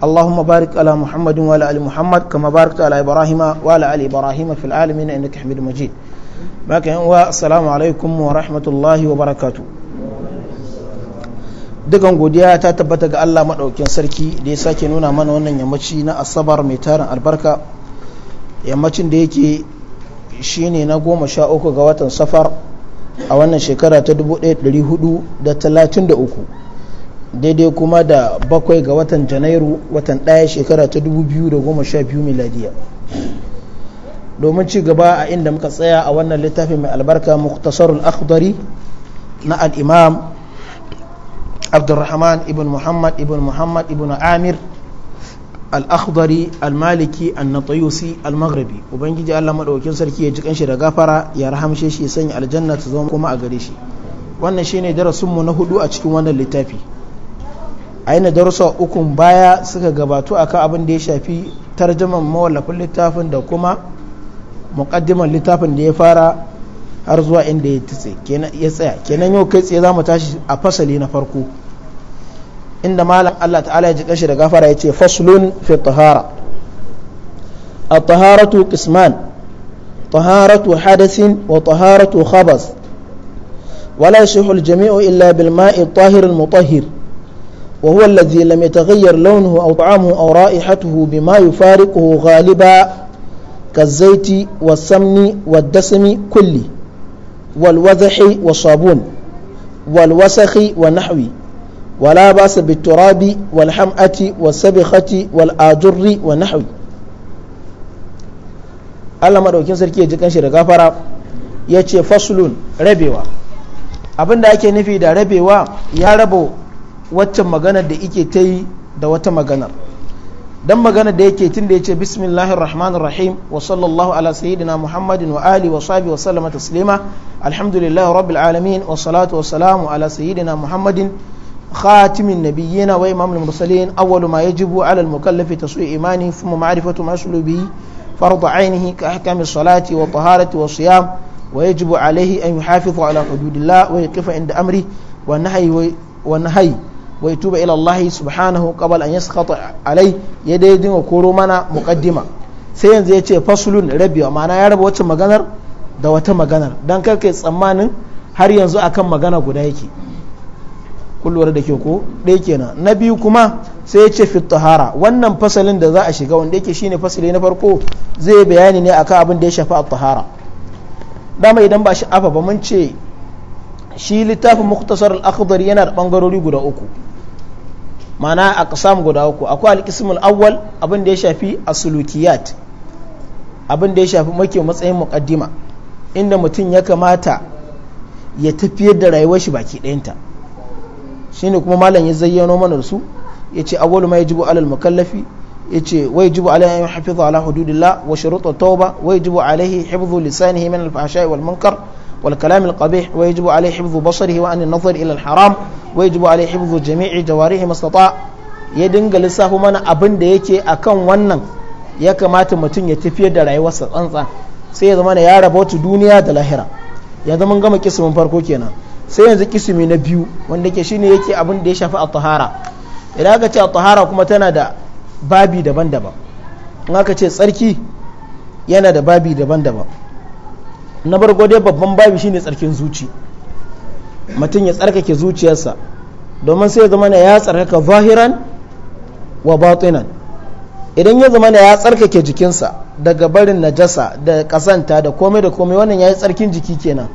اللهم بارك على محمد وعلى ال محمد كما باركت على ابراهيم وعلى ال ابراهيم في العالمين انك حميد مجيد باكن والسلام عليكم ورحمه الله وبركاته dukan godiya ta tabbata ga Allah maɗaukin sarki da ya sake nuna mana wannan yammaci na asabar mai tarin albarka yammacin da yake shine na goma sha uku ga watan safar a wannan shekara ta 1433 daidai kuma da bakwai ga watan janairu watan ɗaya shekara ta 2012 miladiya domin ci gaba a inda muka tsaya a wannan littafin mai albarka muktasarul akhdari na al'imam abdurrahman ibn muhammad ibn muhammad ibn amir al-akhdari al-maliki an-natayusi al-maghribi ubangiji Allah maɗaukin sarki ya ji kanshi da gafara ya rahamshe shi sanya aljanna ta zama kuma a gare shi wannan shine darasin mu na hudu a cikin wannan littafi a yana darussa ukun baya suka gabatu akan abin da ya shafi tarjaman mawallafin littafin da kuma muƙaddiman littafin da ya fara har zuwa inda ya tsaya kenan yau kai tsaye za mu tashi a fasali na farko inda malam Allah ta'ala ya ji kashi da gafara ya ce faslun fi tahara a taharatu qisman taharatu hadasin wa taharatu khabas wala yashihul jami'u illa bil ma'i tahir al وهو الذي لم يتغير لونه أو طعامه أو رائحته بما يفارقه غالبا كالزيت والسمن والدسم كله والوضح والصابون والوسخ ونحوي ولا بأس بالتراب والحمأة والسبخة والآجر ونحوي ألا ما sarki ya ji kanshi da gafara ya ce faslun rabewa abinda ake nufi da rabewa ya waccan maganar da ike ta yi da wata maganar dan maganar da yake tun da ya ce bismillahir rahmanir rahim wa sallallahu ala sayyidina muhammadin wa ali wa sahbihi wa sallama taslima alhamdulillah rabbil alamin wa salatu wa salamu ala sayyidina muhammadin khatimin nabiyyina wa imamul mursalin awwalu ma yajibu ala al mukallafi taswi imani thumma ma'rifatu ma sulubi فرض wa كأحكام الصلاة والطهارة والصيام ويجب عليه أن يحافظ على حدود الله ويقف عند أمره wa والنهي wa yatuba ila Allah subhanahu qabla an yaskhata alai ya dai dinga koro mana muqaddima sai yanzu ya ce fasulun rabiwa ma'ana ya raba wacce maganar da wata maganar dan kar kai tsammanin har yanzu akan magana guda yake kun da ke ko ɗaya kenan na biyu kuma sai ya ce fit tahara wannan fasalin da za a shiga wanda yake shine fasali na farko zai bayani ne akan abin da ya shafi a tahara dama idan ba shi ba mun ce shi littafin muktasar al yana da bangarori guda uku mana a kasam guda uku akwai alkismul awwal abin da ya shafi asulukiyat abin da ya shafi make matsayin muqaddima inda mutum ya kamata ya tafiyar da rayuwar shi baki ɗayanta shine kuma malam ya zayyano mana su yace awwalu ma yajibu alal mukallafi yace wa yajibu alaihi hafizu ala hududillah wa shurutu tauba wa jibu alaihi hifzu lisanihi min al-fahsha'i wal munkar والكلام القبيح ويجب عليه حفظ بصره وأن النظر إلى الحرام ويجب عليه حفظ جميع جوارحه ما استطاع ya dinga lissafo mana abin da yake kan wannan ya kamata mutum ya tafiyar da rayuwarsa tsantsan sai ya zama ya rabautu duniya da lahira ya zama gama kisimin farko kenan sai yanzu kisimi na biyu wanda ke shine yake abin da ya shafi a tahara idan aka ce at-tahara kuma tana da babi daban-daban in aka ce tsarki yana da babi daban-daban na bar dai babban babi shine tsarkin zuci mutum ya tsarkake zuciyarsa domin sai ya zama ya tsarkaka zahiran wa batinan idan ya zama ya tsarkake jikinsa daga barin najasa da kasanta da komai da komai wannan ya yi tsarkin jiki kenan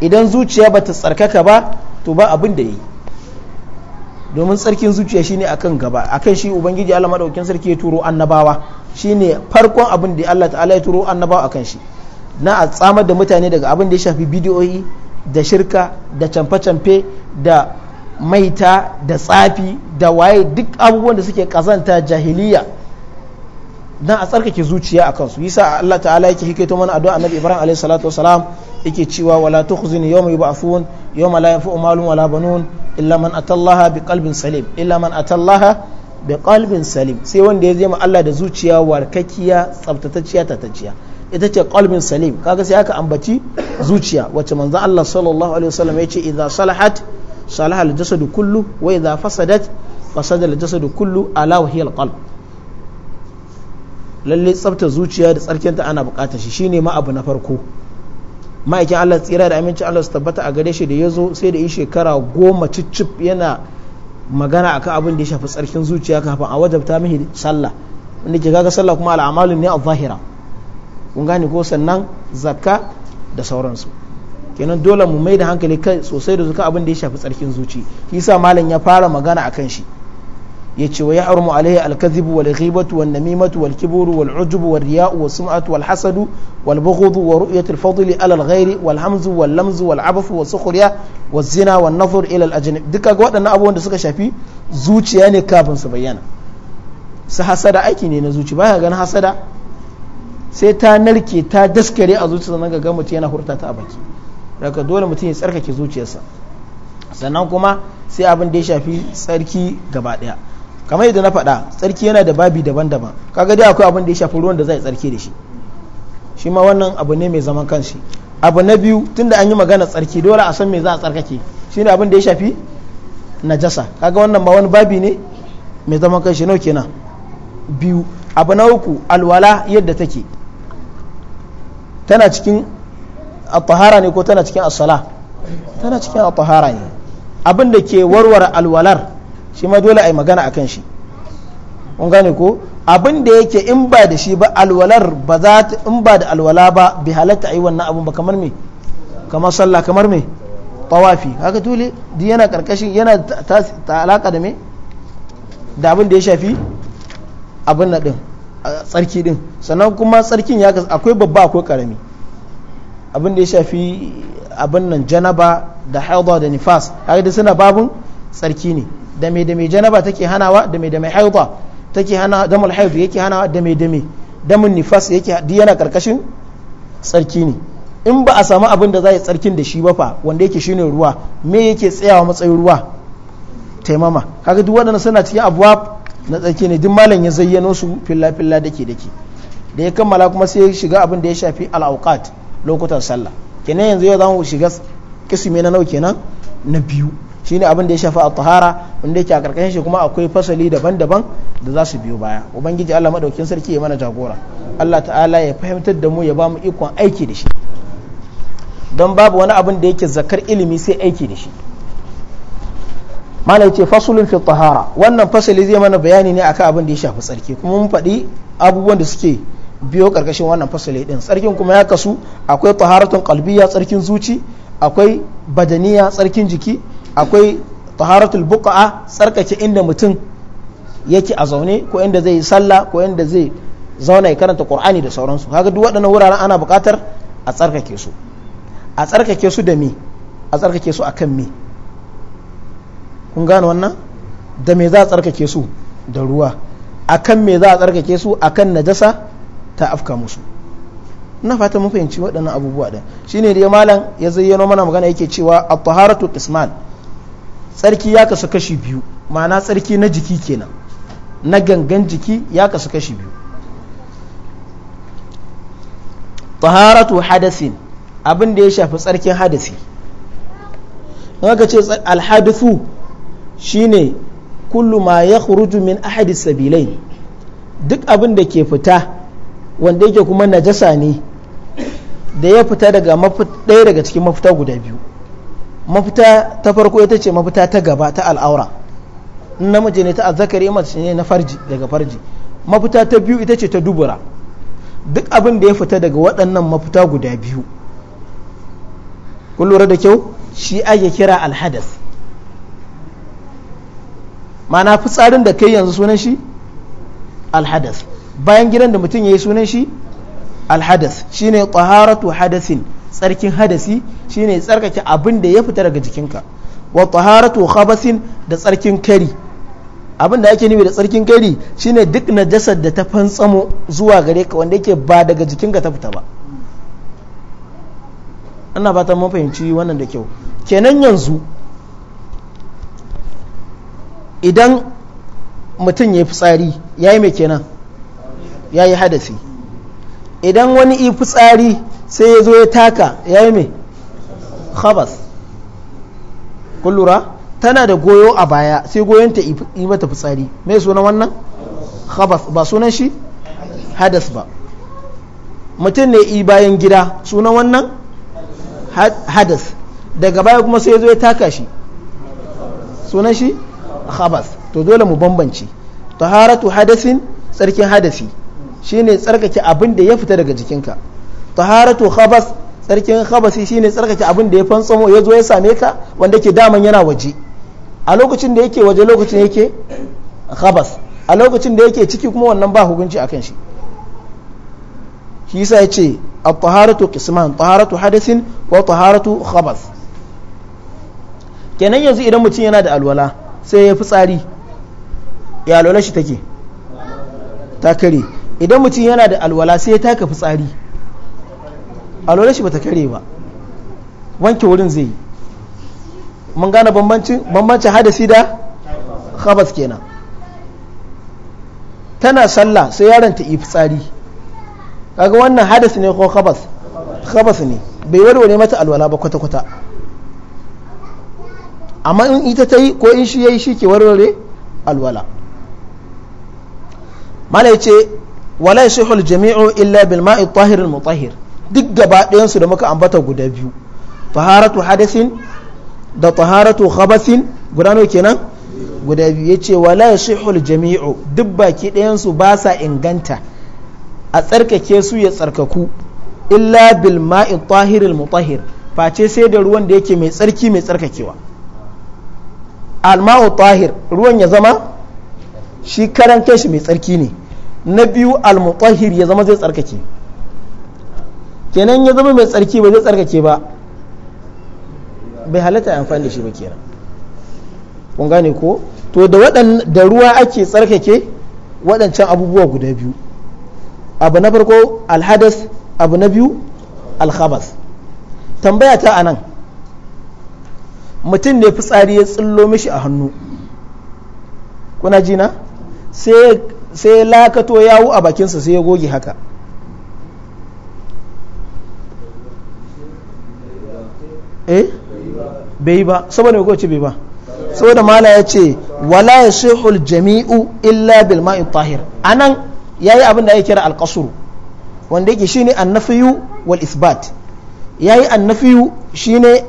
idan zuciya ba ta tsarkaka ba to ba abin da ya yi domin tsarkin zuciya shine akan gaba akan shi ubangiji Allah maɗaukin sarki ya turo annabawa shine farkon abin da Allah ta'ala ya turo annabawa akan shi na a tsamar da mutane daga abin da ya shafi bidiyoyi da shirka da camfe-camfe da maita da tsafi da waye duk abubuwan da suke kazanta jahiliya na a tsarkake zuciya a kansu sa Allah ta'ala yake hikaito mana addu'a annabi Ibrahim alaihi salatu wasalam yake cewa wala tukhzini yawma yub'athun yawma la yanfa'u malun wala banun illa man atallaha biqalbin salim illa man atallaha biqalbin salim sai wanda ya zama Allah da zuciya warkakiya tsaftatacciya tatacciya ita ce qalbin salim kaga sai aka ambaci zuciya wacce manzon Allah sallallahu alaihi wasallam ce idza salahat salaha al-jasadu kullu wa idza fasadat fasada al-jasadu kullu ala wa hiya al-qalb lalle tsafta zuciya da tsarkinta ana bukatar shi shine ma abu na farko ma'aikin Allah tsira da aminci Allah su tabbata a gare shi da yazo sai da yi shekara goma cicip yana magana akan abin da ya shafi tsarkin zuciya kafin a wajabta mihi sallah wanda ke kaga sallah kuma al'amalin ne a zahira kun ko sannan zakka da sauransu kenan dole mu mai da hankali kai sosai da zuka abin da ya shafi tsarkin zuci isa malam ya fara magana a kan shi ya ce wa ya'rumu alaihi alkazibu kadhibu wal ghibatu wan namimatu wal kiburu wal ujubu wal riya'u wa sum'atu wal hasadu wal bughdu wa ru'yatu al-fadli ala al-ghairi wal hamzu wal lamzu wal abafu wa sukhriya wa zina wan nazar ila al-ajnab duka ga waɗannan abubuwan da suka shafi zuciya ne kafin su bayyana su hasada aiki ne na zuci baya ganin hasada sai ta narke ta daskare a zuciya sannan ga mutum yana hurta ta a baki daga dole mutum ya tsarkake zuciyarsa sannan kuma sai abin da ya shafi tsarki gaba daya kamar yadda na faɗa tsarki yana da babi daban-daban kaga dai akwai abin da ya shafi ruwan da zai tsarki da shi shi ma wannan abu ne mai zaman kanshi abu na biyu tunda an yi magana tsarki dole a san me za a tsarkake shine abin da ya shafi najasa kaga wannan ba wani babi ne mai zaman kanshi nau kenan biyu abu na uku alwala yadda take tana cikin a tahara ne ko tana cikin asala? tana cikin a tahara ne abin da ke warware alwalar shi ma dole a yi magana kan shi kun gane ko abin da yake in ba da shi ba alwalar ba za ta in ba da alwala ba bi halatta a yi wannan abun ba kamar mai kamar sallah kamar me tawafi haka tuli duk yana karkashin yana ta alaka da me da abin da ya shafi abin na din tsarki din sannan kuma tsarkin ya akwai babba akwai karami abin da ya shafi abin nan janaba da haida da nifas haka da suna babun tsarki ne da mai da mai janaba take hanawa da mai da mai haida take hana damul haid yake hanawa da mai da mai damun nifas yake duk yana karkashin tsarki ne in ba a samu abin da za yi tsarkin da shi ba fa wanda yake shine ruwa me yake tsayawa matsayin ruwa taimama kaga duk waɗannan suna cikin abuwa na tsaki ne duk malam ya zayyano su filla filla dake dake da ya kammala kuma sai ya shiga abin da ya shafi al'aukat lokutan sallah kenan yanzu yau zamu shiga kismi na nauke kenan na biyu shine abin da ya shafi at-tahara wanda yake a karkashin shi kuma akwai fasali daban-daban da za su biyo baya ubangiji Allah madaukin sarki ya mana jagora Allah ta'ala ya fahimtar da mu ya bamu ikon aiki da shi don babu wani abin da yake zakar ilimi sai aiki da shi mana ce fasulun fi tahara wannan fasali zai mana bayani ne akan abin da ya shafi tsarki kuma mun faɗi abubuwan da suke biyo karkashin wannan fasali din tsarkin kuma ya kasu akwai taharatun qalbiyya tsarkin zuci akwai badaniya tsarkin jiki akwai taharatul buqa'a tsarkake inda mutum yake a zaune ko inda zai yi sallah ko inda zai zauna ya karanta qur'ani da sauransu kaga duk waɗannan wuraren ana buƙatar a tsarkake su a tsarkake su da me a tsarkake su akan me kun gane wannan da me za a tsarkake su da ruwa akan me za a tsarkake su akan najasa ta afka musu na fata mun fahimci waɗannan abubuwa ɗin shine da malam ya zayyano mana magana yake cewa a taharatu qisman tsarki ya kasu kashi biyu ma'ana tsarki na jiki kenan na gangan jiki ya kasu kashi biyu taharatu hadasin abin da ya shafi tsarkin hadasi in aka ce alhadisu shine kullu ma ya min ahadi sabilai duk abin da ke fita wanda yake kuma najasa ne da ya fita daga ɗaya daga cikin mafita guda biyu mafita ta farko ita ce mafita ta gaba ta al'aura namiji ne ta azzakari mace ne na farji daga farji mafita ta biyu ita ce ta dubura duk abin da ya fita daga waɗannan mafita guda biyu kun lura da kyau shi ake kira alhadas mana fitsarin da kai yanzu sunan shi alhadas bayan gidan da mutum ya yi sunan shi alhadas shine taharatu hadasin tsarkin hadasi shine tsarkake abin da ya fita daga jikinka wa taharatu khabasin da tsarkin kari abin da ake nufi da tsarkin kari shine duk najasar da ta fantsamo zuwa gare ka wanda yake ba daga jikinka ta fita ba ana ba mun fahimci wannan da kyau kenan yanzu idan mutum ya yi fitsari ya yi mai kenan ya yi hadasi idan wani yi fitsari sai ya zo ya taka ya yi mai khabas kullura tana da goyo a baya sai goyonta yi mata fitsari mai suna wannan khabas ba sunan shi hadas ba mutum ne yi bayan gida sunan wannan hadas daga baya kuma sai ya zo ya taka shi sunan shi habas to dole mu bambance taharatu hadasin tsarkin hadasi shine tsarkake abin da ya fita daga jikinka taharatu habas tsarkin khabasi shine tsarkake abin da ya fantsamo ya zo ya same ka wanda ke daman yana waje a lokacin da yake waje lokacin yake habas a lokacin da yake ciki kuma wannan ba hukunci akan shi shi yasa yace at-taharatu qisman taharatu hadasin wa taharatu khabas kenan yanzu idan mutum yana da alwala sai ya tsari ya alwala shi take ta kare idan mutum yana da alwala sai ya taka tsari alwala shi ta kare ba wanke wurin zai yi mun gane bambancin hadasi da khabas kenan tana sallah sai yaron ta ifi fitsari kaga wannan hadasi ne ko khabas khabas ne bai warware mata alwala ba kwata-kwata amma in ita ta yi ko in shi ya yi shi ke warware alwala ya ce wala shehul jami'u illa bil ma'i tahirin mu tahir duk gaba ɗayansu da muka ambata guda biyu taharatu hadasin da taharatu khabasin guda nawa kenan guda biyu yace wala shehul jami'u duk baki ɗayansu ba sa inganta a tsarkake su ya tsarkaku illa bil ma'i tahirin mu tahir face sai da ruwan da yake mai tsarki mai tsarkakewa alma'u tahir ruwan ya zama shi karan shi mai tsarki ne na biyu almutahir ya zama zai tsarkake kenan ya zama mai tsarki ba zai tsarkake ba bai halatta amfani da shi ba kenan kun gane ko to da da ruwa ake tsarkake waɗancan abubuwa guda biyu abu na farko alhadas abu na biyu alhabas tambaya ta anan mutum ne fitsari ya tsillo mishi a hannu kuna jina sai ya lakato yawo a bakinsa sai ya goge haka eh bai ba saboda ko ce bai ba saboda mala ya ce wala ya shehul jami'u illa bil ma'i tahir anan yayi abin da ya kira alqasr wanda yake shine annafiyu wal isbat ya yayi annafiyu shine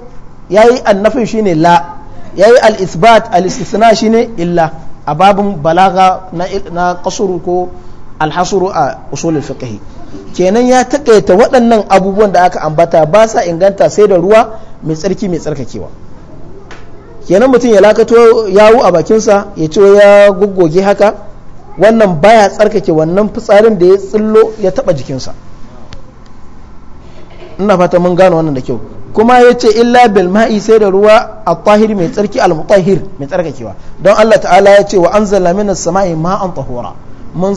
ya yayi annafi shine la yayi al-isbat al-istisna shine illa a babin balaga na kasuru ko alhasuru a usul al kenan ya takaita waɗannan abubuwan da aka ambata ba sa inganta sai da ruwa mai tsarki mai tsarkakewa kenan mutum ya lakato yawo a bakinsa ya ce ya goggoge haka wannan baya tsarkake wannan fitsarin da ya tsillo ya taba jikinsa ina fata mun gano wannan da kyau kuma ya ce illa bil ma'i sai da ruwa a tahir mai tsarki al mutahir mai tsarkakewa don Allah ta'ala ya ce wa anzala minas sama'i ma'an tahura mun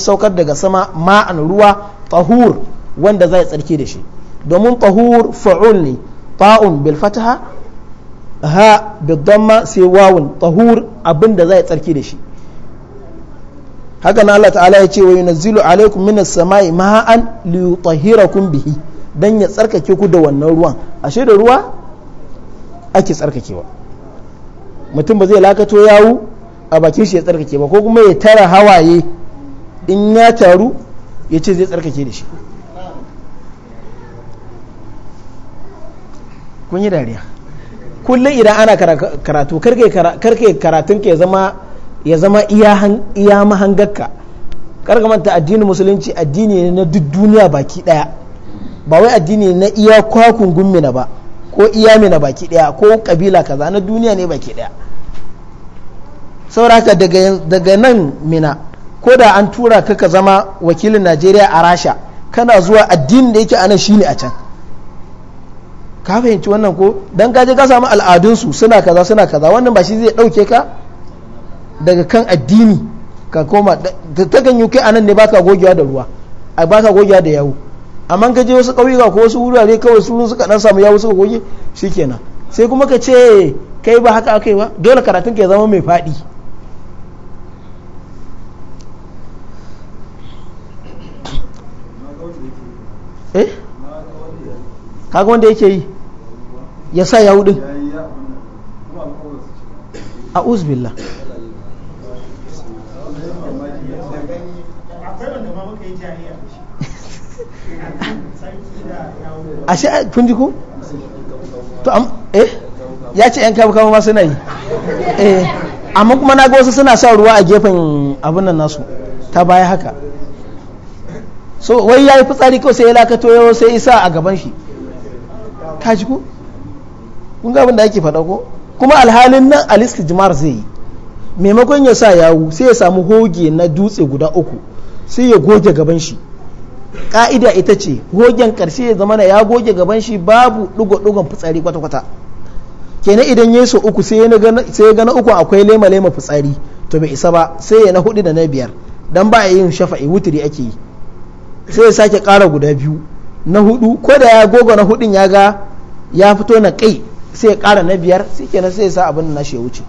saukar daga sama ma'an ruwa tahur wanda zai tsarki da shi domin tahur fa'ul ne ta'un bil fataha ha bil damma sai wawun tahur abinda zai tsarki da shi haka na Allah ta'ala ya ce wa yunazzilu alaikum minas sama'i ma'an liyutahhirakum bihi don ya tsarkake ku da wannan ruwan ashe da ruwa ake tsarkakewa mutum ba zai lakato yawu a bakin shi ya tsarkake ba ko kuma ya tara hawaye in ya taru ya ce zai tsarkake da shi kun yi dariya kullum idan ana karatu karke karatun ka ya zama iya mahangarka karka manta addinin musulunci addini ne na duk duniya baki daya ba wai addini na iya kwakun gummina ba ko iya mina baki daya ko kabila kaza na duniya ne baki daya sauraka daga nan mina ko da an tura ka ka zama wakilin najeriya a rasha kana zuwa addini da yake anan shine a can ka fahimci wannan ko dan kaje ka samu al'adunsu suna kaza suna kaza wannan ba shi zai dauke ka daga kan addini ka koma ta ganyu kai anan ne baka gogewa da ruwa a baka gogewa da yawo amma gaje wasu ƙauyuka ko wasu wurare kawai su suka dan samu ya suka goge shikenan sai kuma ka ce kai ba haka akai ba dole karatun ka ya zama mai faɗi eh? kaga wanda yake yi ya sa ya hudu a uzbillah ashe kun ji ku to am eh ya ce yan kabu kabu ma suna yi eh amma kuma na ga wasu suna sa ruwa a gefen abin nan nasu ta baya haka so wai ya yi fitsari ko sai ya lakato yau sai isa a gaban shi ka ji ku kun ga abin da ake faɗa ko kuma alhalin nan jimar zai yi maimakon ya sa yawu sai ya samu hoge na dutse guda uku sai ya goge gaban shi ka'ida ita ce gogen karshe ya zama ya goge gaban shi babu ɗigo-ɗigon fitsari kwata-kwata kenan idan ya so uku sai ya gana uku akwai lema-lema fitsari to bai isa ba sai ya na hudu da na biyar dan ba a yin shafa'i wuturi ake yi sai ya sake ƙara guda biyu na hudu ko da ya goga na hudun ya ga ya fito na kai sai ya ƙara na biyar sai kenan sai ya sa abin na shi ya wuce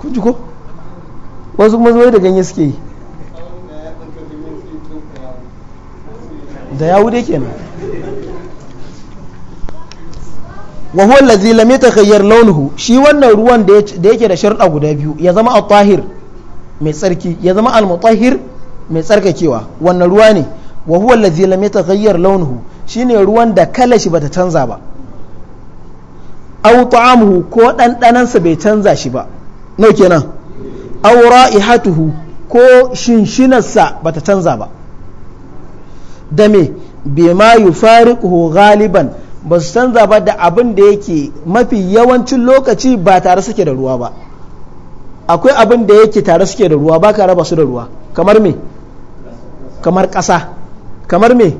kun ji ko wasu kuma zuwa da ganye suke yi da yawu dai kenan wa huwa allazi lam yatakhayyar launuhu shi wannan ruwan da yake da sharda guda biyu ya zama al-tahir mai tsarki ya zama al-mutahhir mai tsarkakewa wannan ruwa ne wa huwa allazi lam yatakhayyar launuhu shine ruwan da kala shi bata canza ba aw ta'amuhu ko ɗanɗanansa bai canza shi ba nau kenan aura ihatuhu ko shinshinarsa ba ta canza ba da me yi yufariquhu galiban ba su canza ba da abin da yake mafi yawancin lokaci ba tare suke da ruwa ba akwai abin da yake tare suke da ruwa ba ka raba su da ruwa kamar me kamar ƙasa kamar me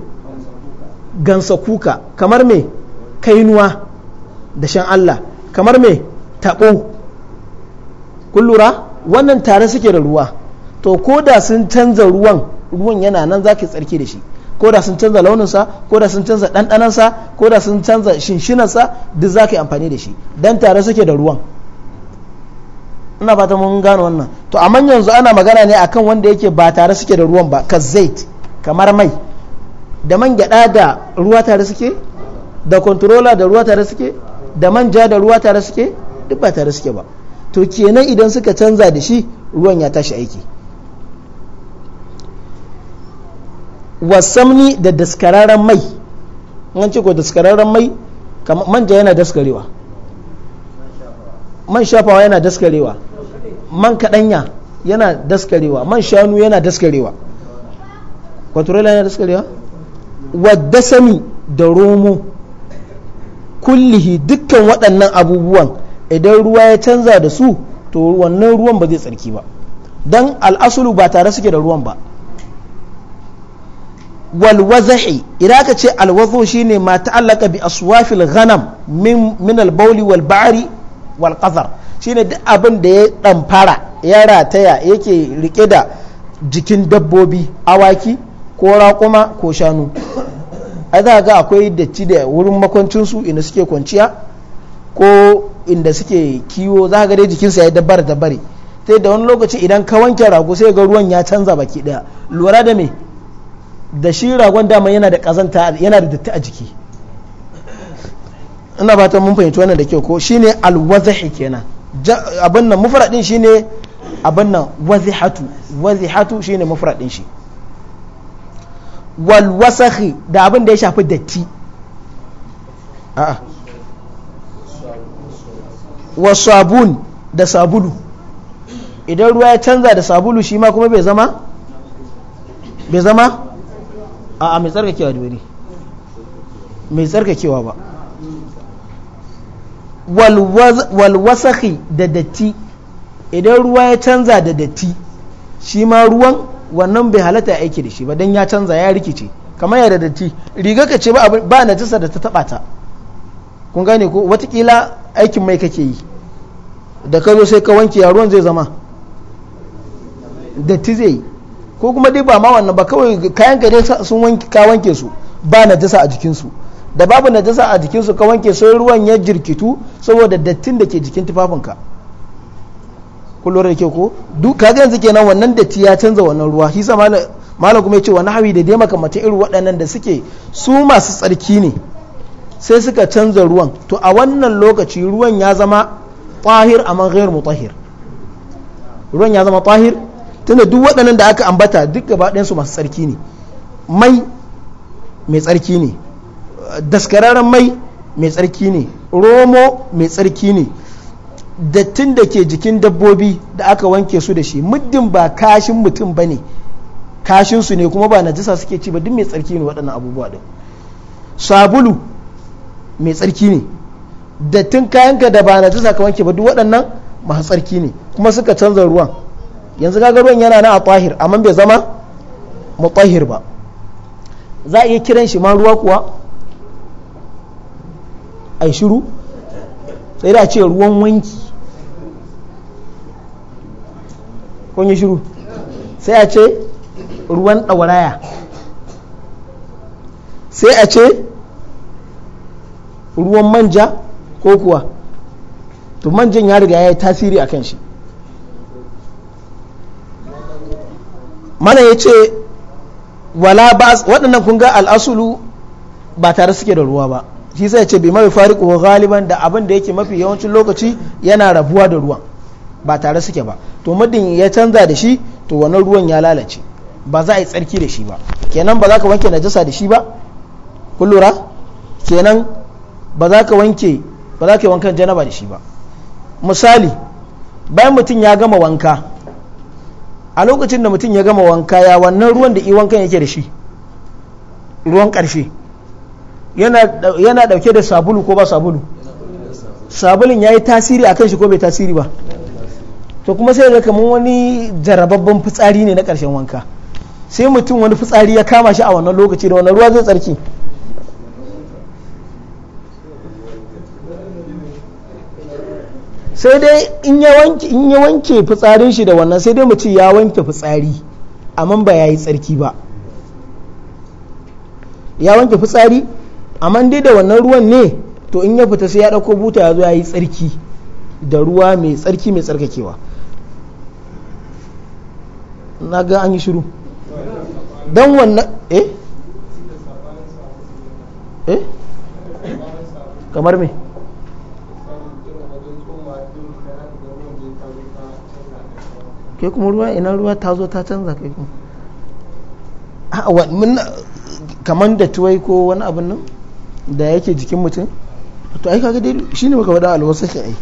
gansa kuka kamar me kainuwa da shan Allah kamar me taɓo kun wannan tare suke da ruwa to ko da sun canza ruwan ruwan yana nan za ka tsarki da shi ko da sun canza launinsa ko da sun canza ɗanɗanansa ko da sun canza shinshinansa duk za ka yi amfani da shi Don tare suke da ruwan ina fata mun gano wannan to amma yanzu ana magana ne akan wanda yake ba tare suke da ruwan ba ka zait kamar mai da man gyada da ruwa tare suke da controller da ruwa tare suke da manja da ruwa tare suke duk ba tare suke ba to kenan idan suka canza da shi ruwan ya tashi aiki wasamni da daskararren mai an ce ko daskararren mai manja yana daskarewa man shafawa yana daskarewa man kaɗanya yana daskarewa man shanu yana daskarewa kwaturela yana daskarewa wadda sami da romo kullihi dukkan waɗannan abubuwan idan ruwa ya canza da su to wannan ruwan ba zai tsarki ba don al'asulu ba tare suke da ruwan ba walwazahi idan aka ce alwazo ne ma ta'allaka bi aswafil ghanam min albauli wal baari wal qazar shine duk abin da ya damfara ya rataya yake rike da jikin dabbobi awaki ko raƙuma ko shanu a za ga akwai datti da wurin makwancinsu ina suke kwanciya ko inda suke kiwo za ga dai jikinsa ya dabbar dabare sai da wani lokaci idan ka wanke rago sai ga ruwan ya canza baki daya lura da me da shi ragon dama yana da kazanta yana da datti a jiki ina fatan mun fahimci wannan da kyau ko shine alwazahi kenan abin nan mufradin shine abin nan wazihatu wazihatu shine mufradin shi wal wasakhi da abin da ya shafi datti a'a wa sabun da sabulu idan ruwa ya canza da sabulu shi ma kuma bai zama bai zama a a mai tsarkakewa da wani mai tsarkakewa ba walwasaki da datti idan ruwa ya canza da datti shi ma ruwan wannan bai halatta aiki da shi ba don ya canza ya rikice kamar yadda datti riga ka ce ba na tisa da ta taɓa ta kun gane ko watakila aikin mai kake yi da ka zo sai ka wanke yaron zai zama datti zai yi ko kuma dai ba ma wannan ba kawai kayan gare sun wanke ka wanke su ba na jasa a jikin su da babu na jasa a jikin su ka wanke sai ruwan ya jirkitu saboda dattin da ke jikin tufafinka kun lura da ke ko duk kaga yanzu kenan wannan datti ya canza wannan ruwa shi sa malam kuma ya ce wani hawi da dai makamantan irin waɗannan da suke su masu tsarki ne sai suka canza ruwan to a wannan lokaci ruwan ya zama tahir amma mu mutahir ruwan ya zama tahir tunda duk waɗannan da aka ambata duk gaba ɗayansu masu tsarki ne mai mai tsarki ne daskararren mai mai tsarki ne romo mai tsarki ne dattin da ke jikin dabbobi da aka wanke su da shi muddin ba kashin mutum ba ne kashinsu ne kuma ba na najisa suke ci ba duk mai tsarki ne waɗannan abubuwa ɗin sabulu mai tsarki ne da dattin kayanka da ba na ta ka wanke ba duk waɗannan masu tsarki ne kuma suka canza ruwan yanzu kaga ruwan yana na a tahir amma bai zama mutahir ba za a iya kiran shi ma ruwa kuwa ai shiru sai da ce ruwan wanki kun yi shiru sai a ce ruwan ɗauraya sai a ce ruwan manja ko kuwa to manjan ya riga ya yi tasiri a kan shi mana ya ce wala ba waɗannan kunga al'asulu ba tare suke da ruwa ba shi sai ce bai mafi fari kuwa galiban da abin da yake mafi yawancin lokaci yana rabuwa da ruwan ba tare suke ba to muddin ya canza da shi to wannan ruwan ya lalace ba za a yi tsarki da shi ba kenan ba za ka wanke najasa da shi ba kun kenan ba za ka wanke ba za ka yi wankan janaba da shi ba misali bayan mutum ya gama wanka a lokacin da mutum ya gama wanka ya wannan ruwan da wankan yake da shi ruwan ƙarshe yana ɗauke da sabulu ko ba sabulu sabulun ya yi tasiri a kan shi ko bai tasiri ba to kuma sai ga kamar wani jarababban fitsari ne na ƙarshen wanka sai mutum wani fitsari ya kama shi a wannan lokaci da wannan ruwa zai tsarki sai dai in ya wanke fitsarin shi da wannan sai dai mu ce ya wanke fitsari amma ba ya yi tsarki ba ya wanke fitsari amma dai da wannan ruwan ne to in ya fita sai ya dauko buta ya zo ya yi tsarki da ruwa mai tsarki mai tsarkakewa na ga an yi shiru don wannan eh eh kamar me kai kuma ruwa ina ruwa ta zo ta canza kai kuma kamar da tuwai ko wani abin nan da yake jikin mutum to ai kaga dai ne muka faɗa alwasa shi ai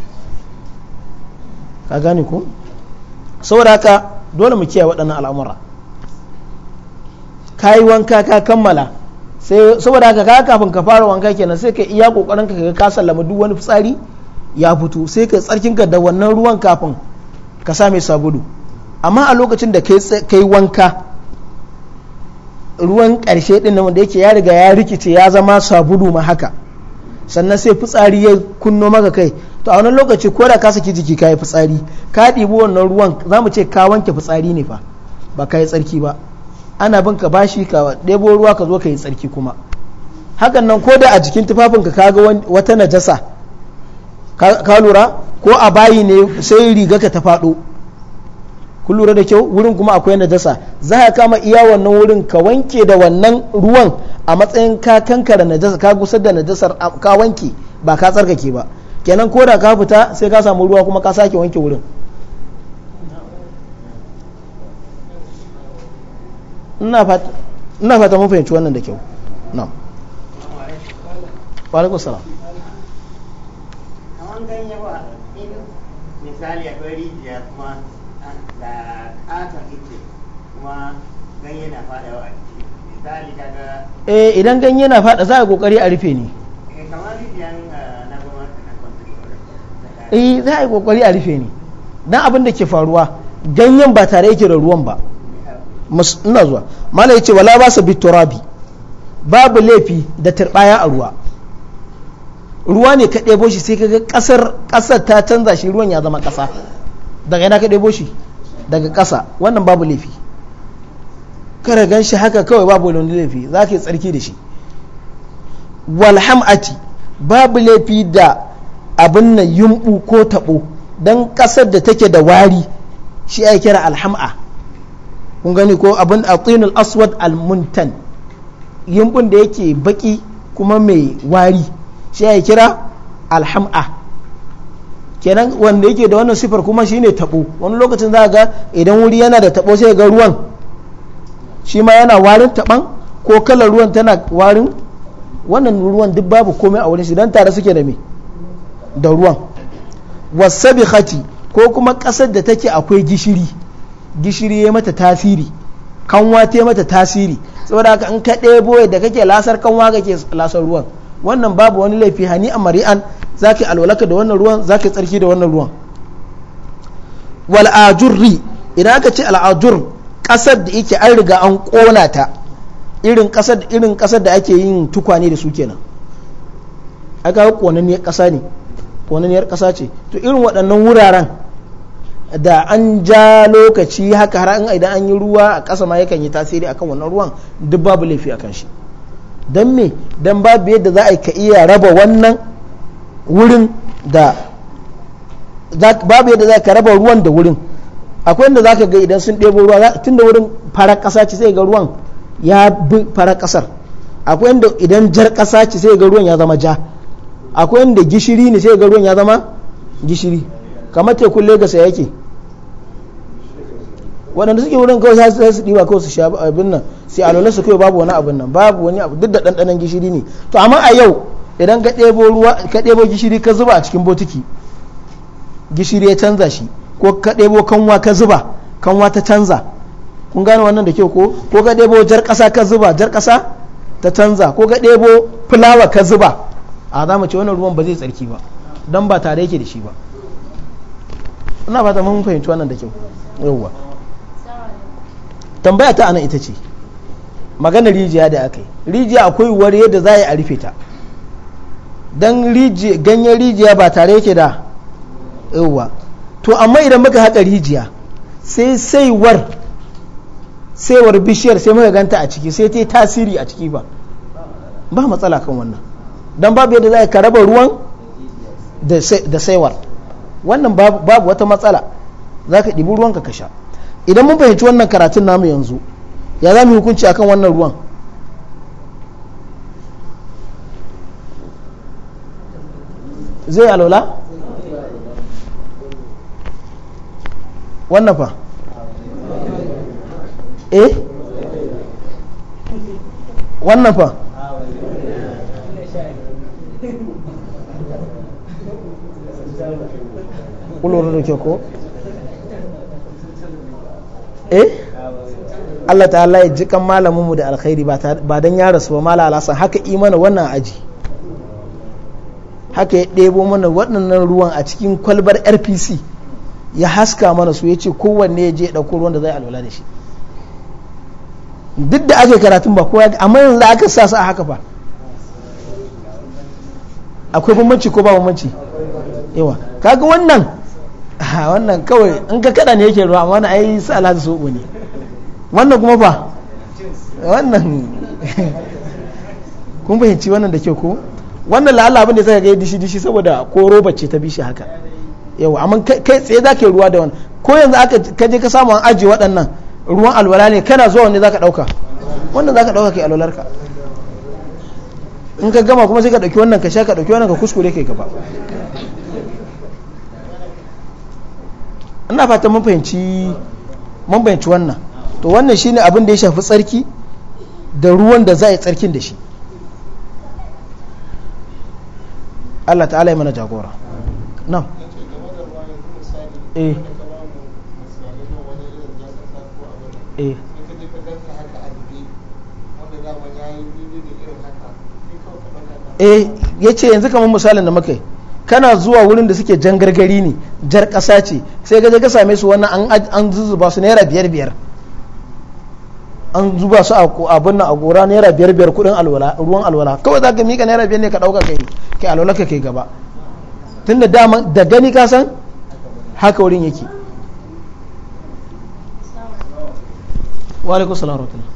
ka gane ko saboda haka dole mu kiyaye waɗannan al'amura ka yi wanka ka kammala sai saboda haka ka kafin ka fara wanka kenan sai ka iya kokarin ka ka sallama duk wani fitsari ya fito sai ka tsarkin ka da wannan ruwan kafin ka sa mai sabulu amma a lokacin da kai wanka ruwan ƙarshe din nan yake ya riga ya rikice ya zama sabulu ma haka sannan sai fitsari ya kunno maka kai to a wani lokaci ko da ka saki jiki ka yi fitsari ka ɗibi wannan ruwan za mu ce ka wanke fitsari ne fa ba ka yi tsarki ba ana bin ka bashi ka ɗebo ruwa ka zo ka yi tsarki kuma hakan nan ko da a jikin tufafin ka ga wata najasa ka lura ko a bayi ne sai riga ka ta faɗo kun lura da kyau wurin kuma akwai najasa za ka kama iya wannan wurin ka wanke da wannan ruwan a matsayin ka kankara najasa ka gusar da najasar ka wanke ba ka tsarkake ba kenan ko da ka fita sai ka samu ruwa kuma ka sake wanke wurin ina fata mun fahimci wannan da kyau na'am wa alaikum salam misali akwai rijiya kuma eh idan ganye na fada za a kokari a rufe ne eh, kamar eh, eh za a yi kokari a rufe ne dan abin da ke faruwa ganyen ba tare yake da ruwan ba ina zuwa mala yace wala ba su biturabi babu laifi da turbaya a ruwa ruwa ne ka ɗebo shi sai kaga ƙasar ƙasar ta canza shi ruwan ya zama ƙasa daga yana ka ɗebo shi daga ƙasa wannan babu laifi kare gan shi haka kawai babu wani laifi za ka yi tsarki da shi walham'ati babu laifi da abin nan yunɓu ko taɓo don ƙasar da take da wari shi ya kira alham'a kun gani ko abin atinul aswad almuntan yumbun da yake baki kuma mai wari shi ya kira alham'a kenan wanda yake da wannan sifar kuma shine tabo wani lokacin za ga idan wuri yana da tabo sai ga ruwan shi ma yana warin taban ko kalar ruwan tana warin wannan ruwan duk babu komai a wurin shi dan tare suke da me da ruwan wasabihati ko kuma kasar da take akwai gishiri gishiri ya mata tasiri kanwa ta mata tasiri saboda haka in ka ɗebo da kake lasar kanwa kake lasar ruwan wannan babu wani laifi hani a mari'an za ka alwalaka da wannan ruwan za ka tsarki da wannan ruwan wal'ajurri idan aka ce al'ajur ƙasar da yake an riga an ƙona ta irin ƙasar da ake yin tukwane da su kenan a ga ƙonanniyar ƙasa ne ƙonanniyar ƙasa ce to irin waɗannan wuraren da an ja lokaci haka har idan an yi ruwa a ƙasa ma yakan yi tasiri akan wannan ruwan duk babu laifi akan shi don me don babu yadda za a ka iya raba wannan wurin da babu yadda za ka raba ruwan da wurin akwai inda za ka ga idan sun ɗebo ruwa tun da wurin farar ƙasa ce sai ga ruwan ya bi farar ƙasar akwai inda idan jar ƙasa ce sai ga ruwan ya zama ja akwai inda gishiri ne sai ga ruwan ya zama gishiri kamar tekun lagos yake waɗanda suke wurin kawai sai su ɗiba kawai su sha abin nan sai alwala su kawai babu wani abin nan babu wani abu duk da ɗanɗanon gishiri ne to amma a yau idan ka ɗebo ruwa ka ɗebo gishiri ka zuba a cikin botiki gishiri ya canza shi ko ka ɗebo kanwa ka zuba kanwa ta canza kun gane wannan da kyau ko ko ka ɗebo jar ƙasa ka zuba jar ƙasa ta canza ko ka ɗebo fulawa ka zuba a za mu ce wannan ruwan ba zai tsarki ba don ba tare yake da shi ba ina fata mun fahimci wannan da kyau yauwa tambaya ta anan ita ce magana rijiya da aka yi rijiya akwai yiwuwar yadda za a yi a rufe ta don ganyen rijiya ba tare yake da yauwa to amma idan muka haƙa rijiya sai saiwar saiwar bishiyar sai muka ganta a ciki sai ta yi tasiri a ciki ba ba matsala kan wannan don babu yadda za ka raba ruwan da saiwar wannan babu wata matsala za ka ɗibi ka ka sha idan mun fahimci wannan karatun namu yanzu ya za mu hukunci akan wannan ruwan zai alola wannan fa eh wannan fa kulorin da ke ko eh Allah ta'ala ya jikan malaminmu da alkhairi ba don ya rasu ba mala alasan haka imana wannan aji haka ya ɗebo mana waɗannan ruwan a cikin kwalbar rpc ya haska mana su ya ce kowanne ya je ya ɗauko ruwan da zai alwala da shi duk da ake karatun ba kowa amma yanzu da aka sa su a haka ba. akwai bambanci ko ba bambanci yawa kaga wannan wannan kawai in ka kada ne yake ruwa wani ai sa alhaji soɓo ne wannan kuma fa wannan kun fahimci wannan da ke ko wannan la'alla abin da zai ga dishi dishi saboda ko roba ce ta bishi haka yawa amma kai tsaye za ka yi ruwa da wannan ko yanzu aka kaje ka samu an ajiye waɗannan ruwan alwala ne kana zuwa wani za ka ɗauka wannan za ka ɗauka kai alwalarka in ka gama kuma sai ka ɗauki wannan ka sha ka ɗauki wannan ka kuskure kai gaba ina fata mun fahimci wannan to wannan shine abin da ya shafi tsarki da ruwan da za a yi tsarkin da shi Allah ta'ala ya mana jagora nan eh. eh eh ya ce yanzu kamar misalin da muka yi kana zuwa wurin da suke jan gargari ne jar ƙasa ce sai gaje ka same su wannan an zuzuba su naira biyar biyar an zuba su abin na a naira biyar biyar kudin alwala ruwan alwala kawai za ka mika naira biyar ne ka ɗauka kai kai alwala ka kai gaba tun da dama da gani ka san haka wurin yake wa alaikum salam rahmatullah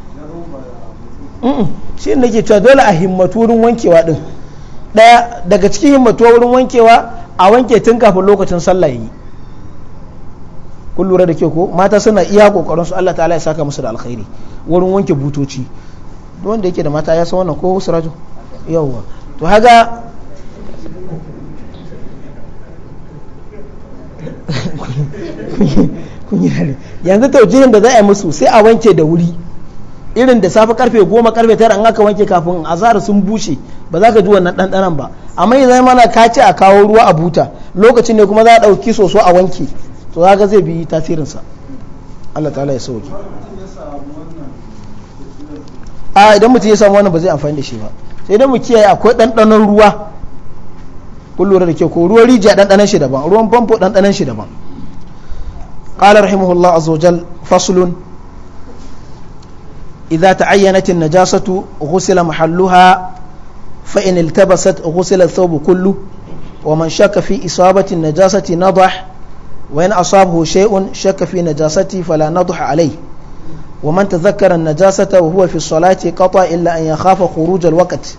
shi ne ke cewa dole a himmatu wurin wankewa din daya daga cikin himmatu wurin wankewa a wanke tun kafin lokacin sallah yi kun lura da ke ko mata suna iya kokarin su Allah ta'ala ya saka musu da alkhairi wurin wanke butoci wanda yake da mata ya san wannan ko rajo yawwa to haga yanzu taujihin da za a yi musu sai a wanke da wuri irin da safe karfe goma karfe tara an aka wanke kafin azhar sun bushe ba za ka ji wannan ɗanɗanan ba amma ya zama mana ka a kawo ruwa a buta lokacin ne kuma za a ɗauki soso a wanke to za ka zai bi tasirinsa Allah ta'ala ya sauki. a idan mutum ya samu wannan ba zai amfani da shi ba sai idan mu kiyaye akwai ɗanɗanon ruwa kun lura da kyau ko ruwan rijiya ɗanɗanon shi daban ruwan famfo ɗanɗanon shi daban قال رحمه الله عز وجل فصل إذا تعينت النجاسة غسل محلها فإن التبست غسل الثوب كله ومن شك في إصابة النجاسة نضح وإن أصابه شيء شك في نجاسته فلا نضح عليه ومن تذكر النجاسة وهو في الصلاة قطع إلا أن يخاف خروج الوقت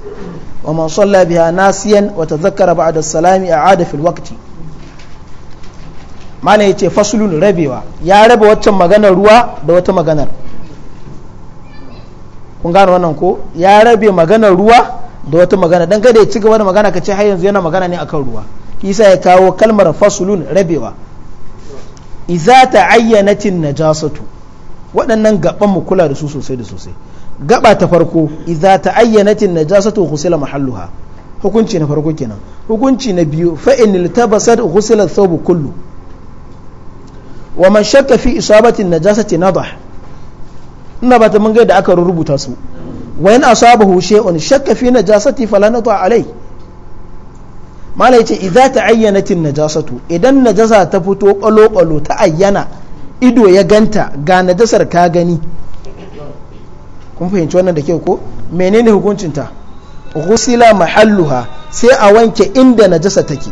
ومن صلى بها ناسيا وتذكر بعد السلام أعاد في الوقت ما نيتي فصل ربيوا يا رب واتم مغانا روا دواتم مغانا kun gane wannan ko ya rabe maganar ruwa da wata magana dan kada ya ci gaba da magana ka ce har yanzu yana magana ne akan ruwa kisa ya kawo kalmar fasulun rabewa iza ta ayyanatin najasatu waɗannan gaban mu kula da su sosai da sosai gaba ta farko iza ta ayyanatin najasatu husila mahalluha hukunci na farko kenan hukunci na biyu fa in iltabasat husila thawbu kullu wa man shakka fi isabati najasati nadah ina ba ta mun ga da aka rubuta su wa in asabahu shay'un shakka fi najasati fala nadha alai mala yace idza ta'ayyanatin najasatu idan najasa ta fito kwalo kwalo ta ayyana ido ya ganta ga najasar ka gani kun fahimci wannan da kyau ko menene hukuncin ta ghusila mahalluha sai a wanke inda najasa take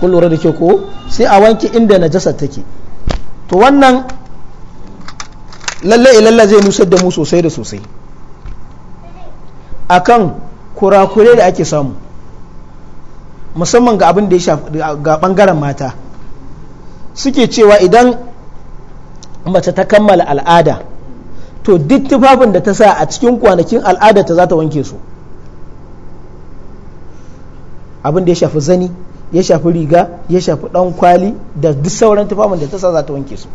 kun lura da kyau ko sai a wanke inda najasa take to wannan lalle ilalla zai nusar da mu sosai da sosai akan kurakure da ake samu musamman ga abin da ya shafi ga bangaren mata suke cewa idan mace ta kammala al'ada to duk tufafin da ta sa a cikin kwanakin al'ada ta za ta wanke su abin da ya shafi zani ya shafi riga ya shafi dan kwali da duk sauran tufafin da ta sa za ta wanke su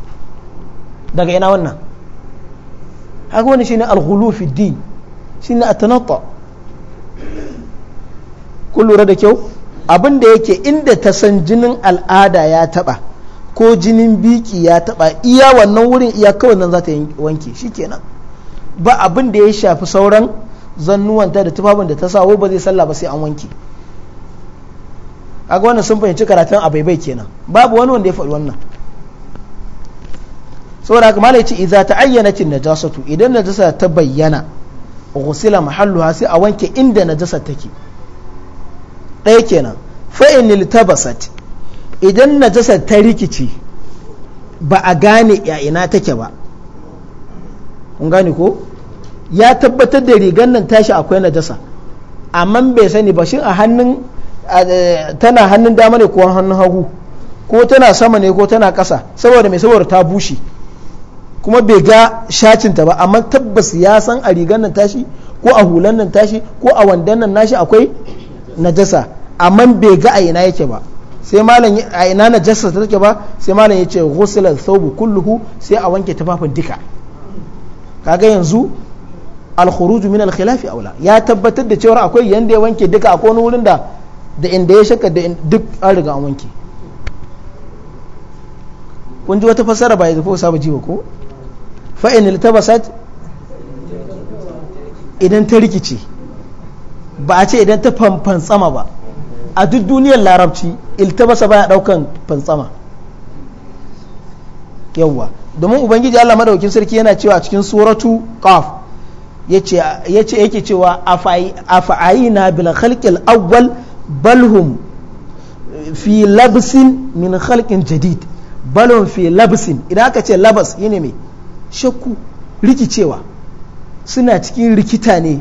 daga ina wannan haka wani shine alhulufi din shine atanatta Ku lura da kyau abin da yake inda ta san jinin al'ada ya taba ko jinin biki ya taba iya wannan wurin iya kawai nan za ta wanke kenan ba abin da ya shafi sauran zannuwanta da tufafin da ta sawo ba zai sallah ba sai an wanke aga wannan sun fahimci karatun abai bai kenan babu wani wanda ya faɗi wannan saboda haka malai ce ayyana cin najasatu idan najasa ta bayyana ghusila mahalluha sai a wanke inda najasa take ɗaya kenan fa in tabasat idan najasa ta rikici ba a gane ya ina take ba kun gane ko ya tabbatar da rigan nan tashi akwai najasa amma bai sani ba shin a hannun Eh, tana hannun dama ne ko hannun hagu ko tana sama ne ko tana kasa saboda mai saboda ta bushe kuma bai ga shacinta ba amma tabbas ya san a rigar nan tashi ko a hulan nan tashi ko a wandan nan nashi akwai najasa amma bai ga a ina yake ba sai malam a ina najasa take ba sai malam ya ce ghusla thawbu kulluhu sai a wanke tufafin duka kaga yanzu al khuruj min al khilaf aula ya tabbatar da cewa akwai yanda ya wanke duka akwai wani wurin da da inda ya shaka da duk an riga an wanke kun ji wata fassara ba ya zafi wasa ji ba ko fa in iltabasat idan ta rikice ba a ce idan ta fantsama ba a duk duniyar larabci iltabasa baya daukan fantsama yawwa domin ubangiji Allah madaukin sarki yana cewa a cikin suratu qaf yace yace yake cewa afa'ina bil khalqil awwal balhum fi labsin min khalqin jadid balhum fi labsin idan aka ce labas yine mai shakku rikicewa suna cikin rikita ne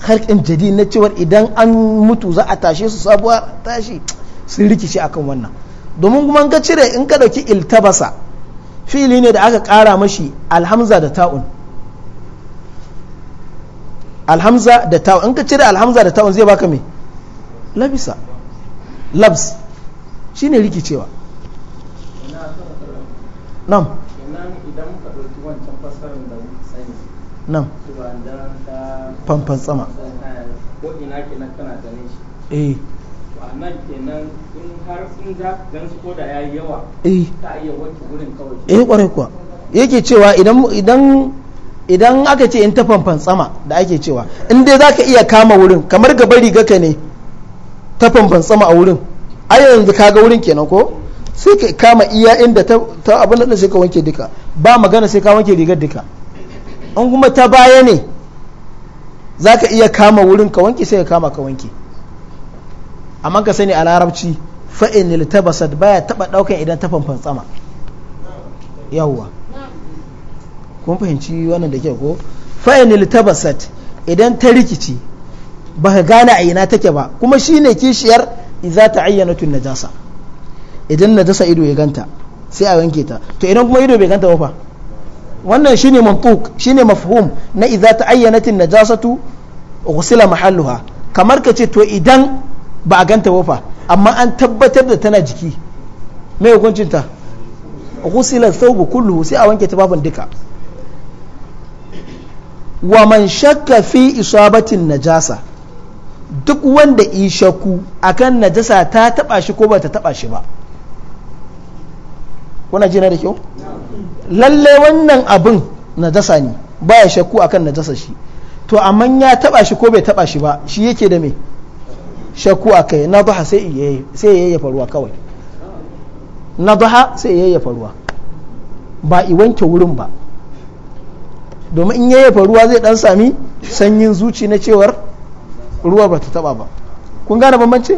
harkin jadi na cewar idan an mutu za a tashe su sabuwa tashi sun rikice akan wannan domin kuma ka cire in ka dauki iltabasa fili ne da aka kara mashi alhamza da ta'un alhamza da ta'un in ka cire alhamza da ta'un zai baka me labisa labs shine rikicewa nam idan muka ɗauki wancan fasarar da muka sani nan fanfan sama ko ina kenan kana ganin shi eh nan kenan in har sun ga dan su koda yayi yawa eh ta iya wanke wurin kawai eh kwarai kuwa yake cewa idan idan idan aka ce in ta fanfan sama da ake cewa in dai zaka iya kama wurin kamar gaban bari ka ne ta sama a wurin a yanzu kaga wurin kenan ko sai ka kama iya inda ta abin da sai ka wanke duka ba magana sai ka wanke rigar duka an kuma ta baya ne za ka iya kama wurin ka wanke sai ka kama ka wanke amma ka sani a larabci fa'in iltabasat baya taba daukan idan ta sama yawwa kun fahimci wannan da ke ko fa'in iltabasat idan ta rikici ba ka gane a ina take ba kuma shi ne kishiyar ayyana tun najasa idan najasa ido ya ganta sai a wanke ta to idan kuma ido bai ganta ba fa wannan shine mantuk shine mafhum na idza ta'ayyanatin najasatu ghusila mahalluha kamar ka ce to idan ba a ganta ba fa amma an tabbatar da tana jiki me hukuncin ta ghusila thawbu kulluhu sai a wanke tufafin duka wa man shakka fi isabatin najasa duk wanda ishaku akan najasa ta taba shi ko ba ta taba shi ba kuna jina da kyau lalle wannan abin najasa ne ba ya shakku akan najasa shi to amma ya taba shi ko bai taba shi ba shi yake da me shakku akai na duha sai ya yayyafa ruwa kawai na duha sai ya faruwa ruwa ba i wanke wurin ba domin in yayyafa ruwa zai dan sami sanyin zuci na cewar ruwa ba ta taba ba kun gane bambanci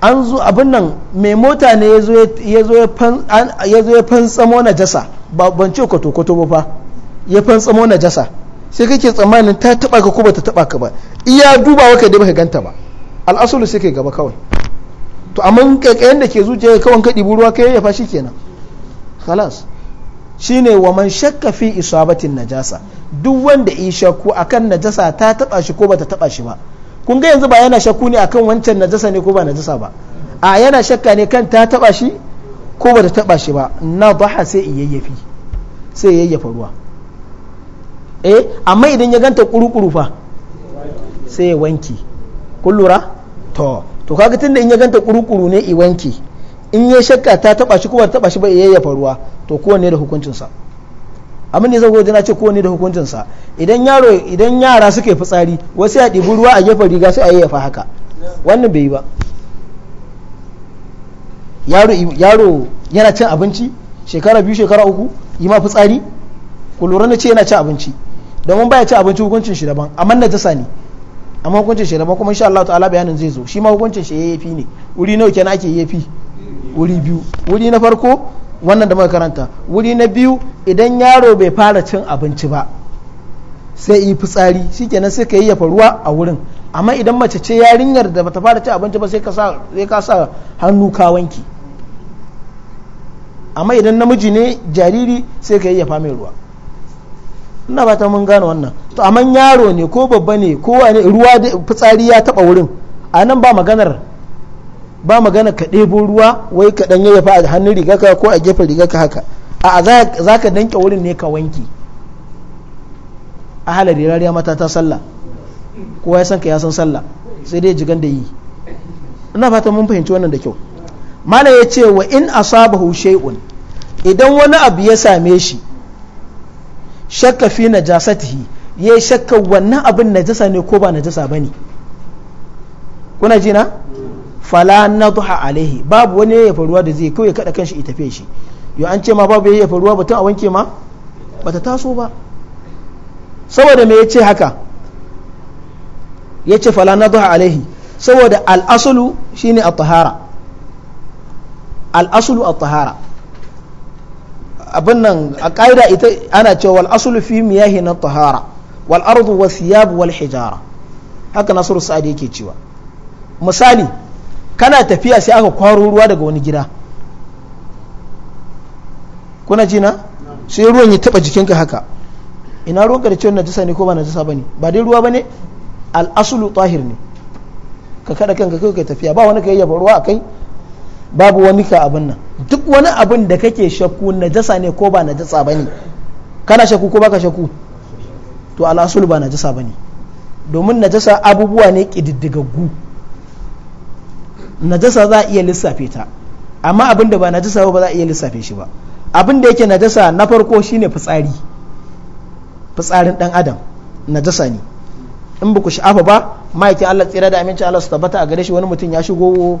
an zo abin nan mai mota ne ya zo ya fantsamo na jasa ba ban ce kwato-kwato ba fa ya fantsamo na jasa sai kake tsammanin ta taba ka ko ba ta taba ka ba iya dubawa ka dai baka ganta ba al'asulu sai kai gaba kawai to amma kakayen da ke zuciya kawai ka ɗibi ruwa ka yayyafa shi kenan shine wa man shakka fi isabatin najasa duk wanda yi shakku akan najasa ta taba shi ko bata taba shi ba kun ga yanzu ba yana shakku ne akan wancan najasa ne ko ba najasa ba a yana shakka ne kan ta taba shi ko bata taba shi ba na baha sai yayyafi sai yayyafa ruwa eh amma idan ya ganta kurukuru fa sai ya wanki kun lura to to kaga tunda in ya ganta kurukuru ne i wanki in ya shakka ta taba shi kuma ta taba shi bai yayyafa ruwa to kowanne da hukuncinsa ne zan zago na ce kowanne da hukuncinsa idan yaro idan yara suke fitsari wasu ya ɗibi ruwa a gefen riga sai a yayyafa haka wannan bai yi ba yaro yaro yana cin abinci shekara biyu shekara uku yi ma fitsari ku lura na ce yana cin abinci domin baya cin abinci hukuncin shi daban amma na ta sani amma hukuncin shi daban kuma insha Allah ta'ala bayanin zai zo shi ma hukuncin shi yayyafi ne wuri nawa kenan ake yayyafi wuri biyu wuri na farko wannan da muka karanta wuri na biyu idan yaro bai fara cin abinci ba sai yi fitsari shikenan sai ka yayyafa ruwa a wurin amma idan mace ce yarinyar da bata fara cin abinci ba sai ka sa hannu ka wanki amma idan namiji ne jariri sai ka yayyafa mai ruwa ina ba ta mun gane wannan to amma yaro ne ko babba ne ko ruwa fitsari ya taba wurin a nan ba maganar ba magana ka ɗebo ruwa wai ka ɗan yayyafa a hannun rigarka ko a gefen rigarka haka a za ka danke wurin ne ka wanke a halar rariya mata ta sallah kowa ya san ka ya san sallah sai dai jigan da yi ina fata mun fahimci wannan da kyau mala ya ce wa in asabahu shay'un idan wani abu ya same shi shakka fi najasatihi ya shakka wannan abin najasa ne ko ba najasa bane kuna ji na fala nadha alaihi babu wani yayyafa ruwa da zai kawai kada kanshi ita tafe shi yo an ce ma babu yayyafa ruwa batun a wanke ma bata taso ba saboda me ya ce haka ya ce fala nadha alaihi saboda al-aslu shine at-tahara al-aslu at-tahara abin nan a ƙa'ida ita ana cewa wal asulu fi miyahi na tahara wal ardu wa thiyab wal hijara haka nasiru sa'adi yake cewa misali kana tafiya sai aka kwaro ruwa daga wani gida kuna ji na sai ruwan ya taba jikinka haka ina ruwan ka da ciwon najisa ne ko ba najasa bane ba dai ruwa bane ne? Al'asulu tahir ne ka kada kanka kai tafiya ba wani ka yayyafa ruwa kai. babu wani ka abin nan duk wani abin da kake shakku najasa ne ko ba najasa bane kana shakku ko baka shakku to al'asulu ba najasa bane domin najasa abubuwa ne kididdigaggu najasa za a iya lissafe ta amma abin da ba najasa ba za a iya lissafe shi ba abin da yake najasa na farko shine fitsari fitsarin dan adam najasa ne in ba ku sha'afa ba ma'aikin Allah tsira da aminci Allah su tabbata a gare shi wani mutum ya shigo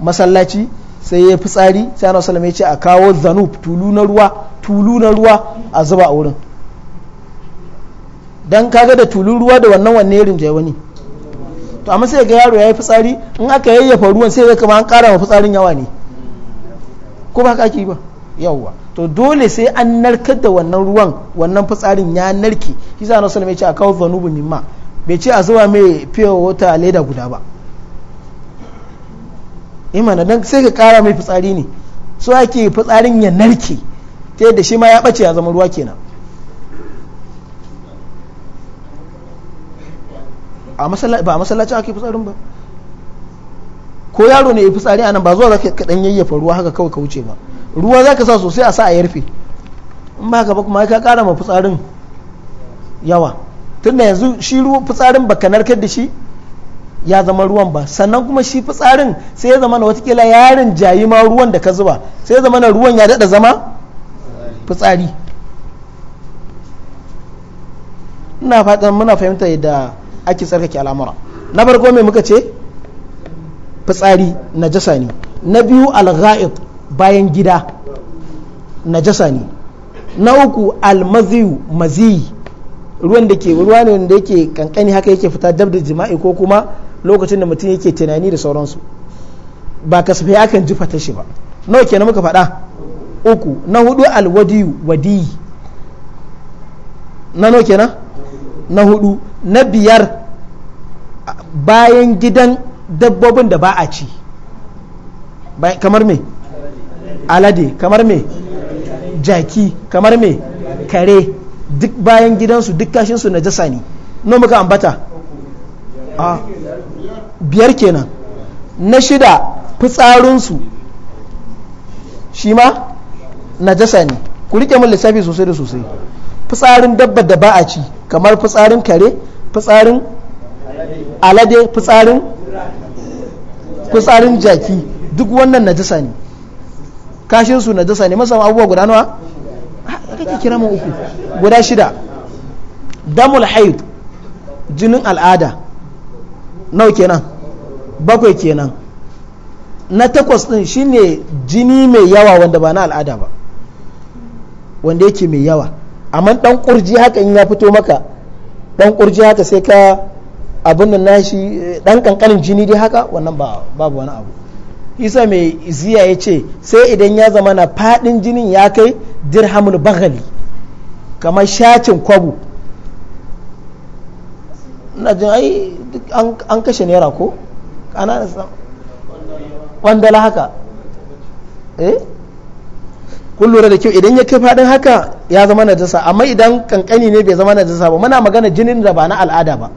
masallaci sai ya fitsari sai ana salama ya ce a kawo zanub tulu na ruwa tulu na ruwa a zuba a wurin dan kaga da tulun ruwa da wannan wanne rinjaye wani to amma sai ga yaro ya yi fitsari in aka yayyafa ruwan sai ya kama an ƙara wa fitsarin yawa ne ko ba ka ba yawwa to dole sai an narkar da wannan ruwan wannan fitsarin ya narke shi sa nasu ya ce a kawo zanubu nima bai ce a zuwa mai fiye wata leda guda ba imana eh don sai ka kara mai fitsari ne so ake fitsarin ya narke ta yadda shi ma ya ɓace ya zama ruwa kenan ba a masallacin ake fitsarin ba ko yaro ne ya fitsari anan ba zuwa za ka dan yayyafa ruwa haka kawai ka wuce ba ruwa za ka sa sosai a sa a yarfe in ba ka ba kuma ka kara ma fitsarin yawa tun da yanzu shi ruwa fitsarin baka narkar da shi ya zama ruwan ba sannan kuma shi fitsarin sai ya zama na watakila yarin jayi ma ruwan da ka zuba sai ya zama na ruwan ya daɗa zama fitsari ina fatan muna fahimta yadda. ake tsarkake al'amura na farko mai muka ce fitsari jasa ne na biyu al bayan gida na jasa ne na uku almaziyu maziyi ruwan da ke ruwa ne wanda yake kankani haka yake fita dab da jima'i ko kuma lokacin da mutum yake tunani da sauransu ba kasafai akan ji fata shi ba nawa kenan muka faɗa uku na hudu alwadiyu wadiyi na nawa na hudu na biyar bayan gidan dabbobin da ba a ci kamar me alade kamar me jaki kamar me kare duk bayan gidansu duk kashinsu na jasa ne no muka ambata a biyar kenan na shida fitsarinsu shi ma na jasa ne ku rike mun lissafi sosai da sosai fitsarin dabba da ba a ci kamar fitsarin kare fitsarin alade fitsarin fitsarin jaki duk wannan najasa ne kashin su najasa ne musamman abubuwa guda nawa kake kira mu uku guda shida damul haid jinin al'ada Nau kenan bakwai kenan na takwas din shine jini mai yawa wanda ba na al'ada ba wanda yake mai yawa amma dan kurji haka in ya fito maka dan kurji haka sai ka abin nan nashi dan kankanin jini dai haka wannan ba babu wani abu isa mai ziya ya ce sai idan ya zama na fadin jinin ya kai dirhamul baghali kamar shacin kwabu. na jin ai an kashe naira ko ana haka eh kun lura da kyau idan ya kai fadin haka ya zama najasa amma idan kankani ne bai zama najasa ba muna magana jinin da ba na al'ada ba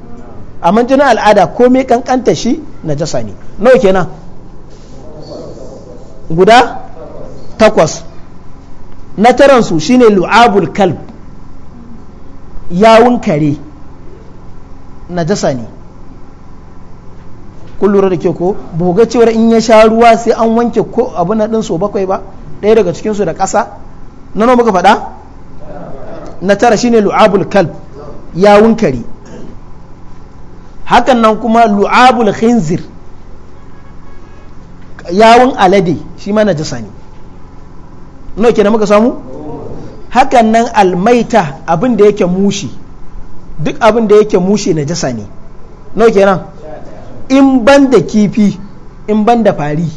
amma jinin al'ada komai kankanta shi najasa ne nawa kenan guda takwas na su shine lu'abul kalb yawun kare najasa ne kun da kyau ko boga cewar in ya sha ruwa sai an wanke ko abu na ɗin so bakwai ba ɗaya daga cikinsu da ƙasa na nawa muka faɗa na tara shine lu'abul kalb yawun kari hakan nan kuma lu'abul khinzir yawun alade shi ma najasa ne nawa kenan muka samu hakan nan almaita abin da yake mushi duk abin da yake mushi na najasa ne nawa kenan in ban da kifi in ban da fari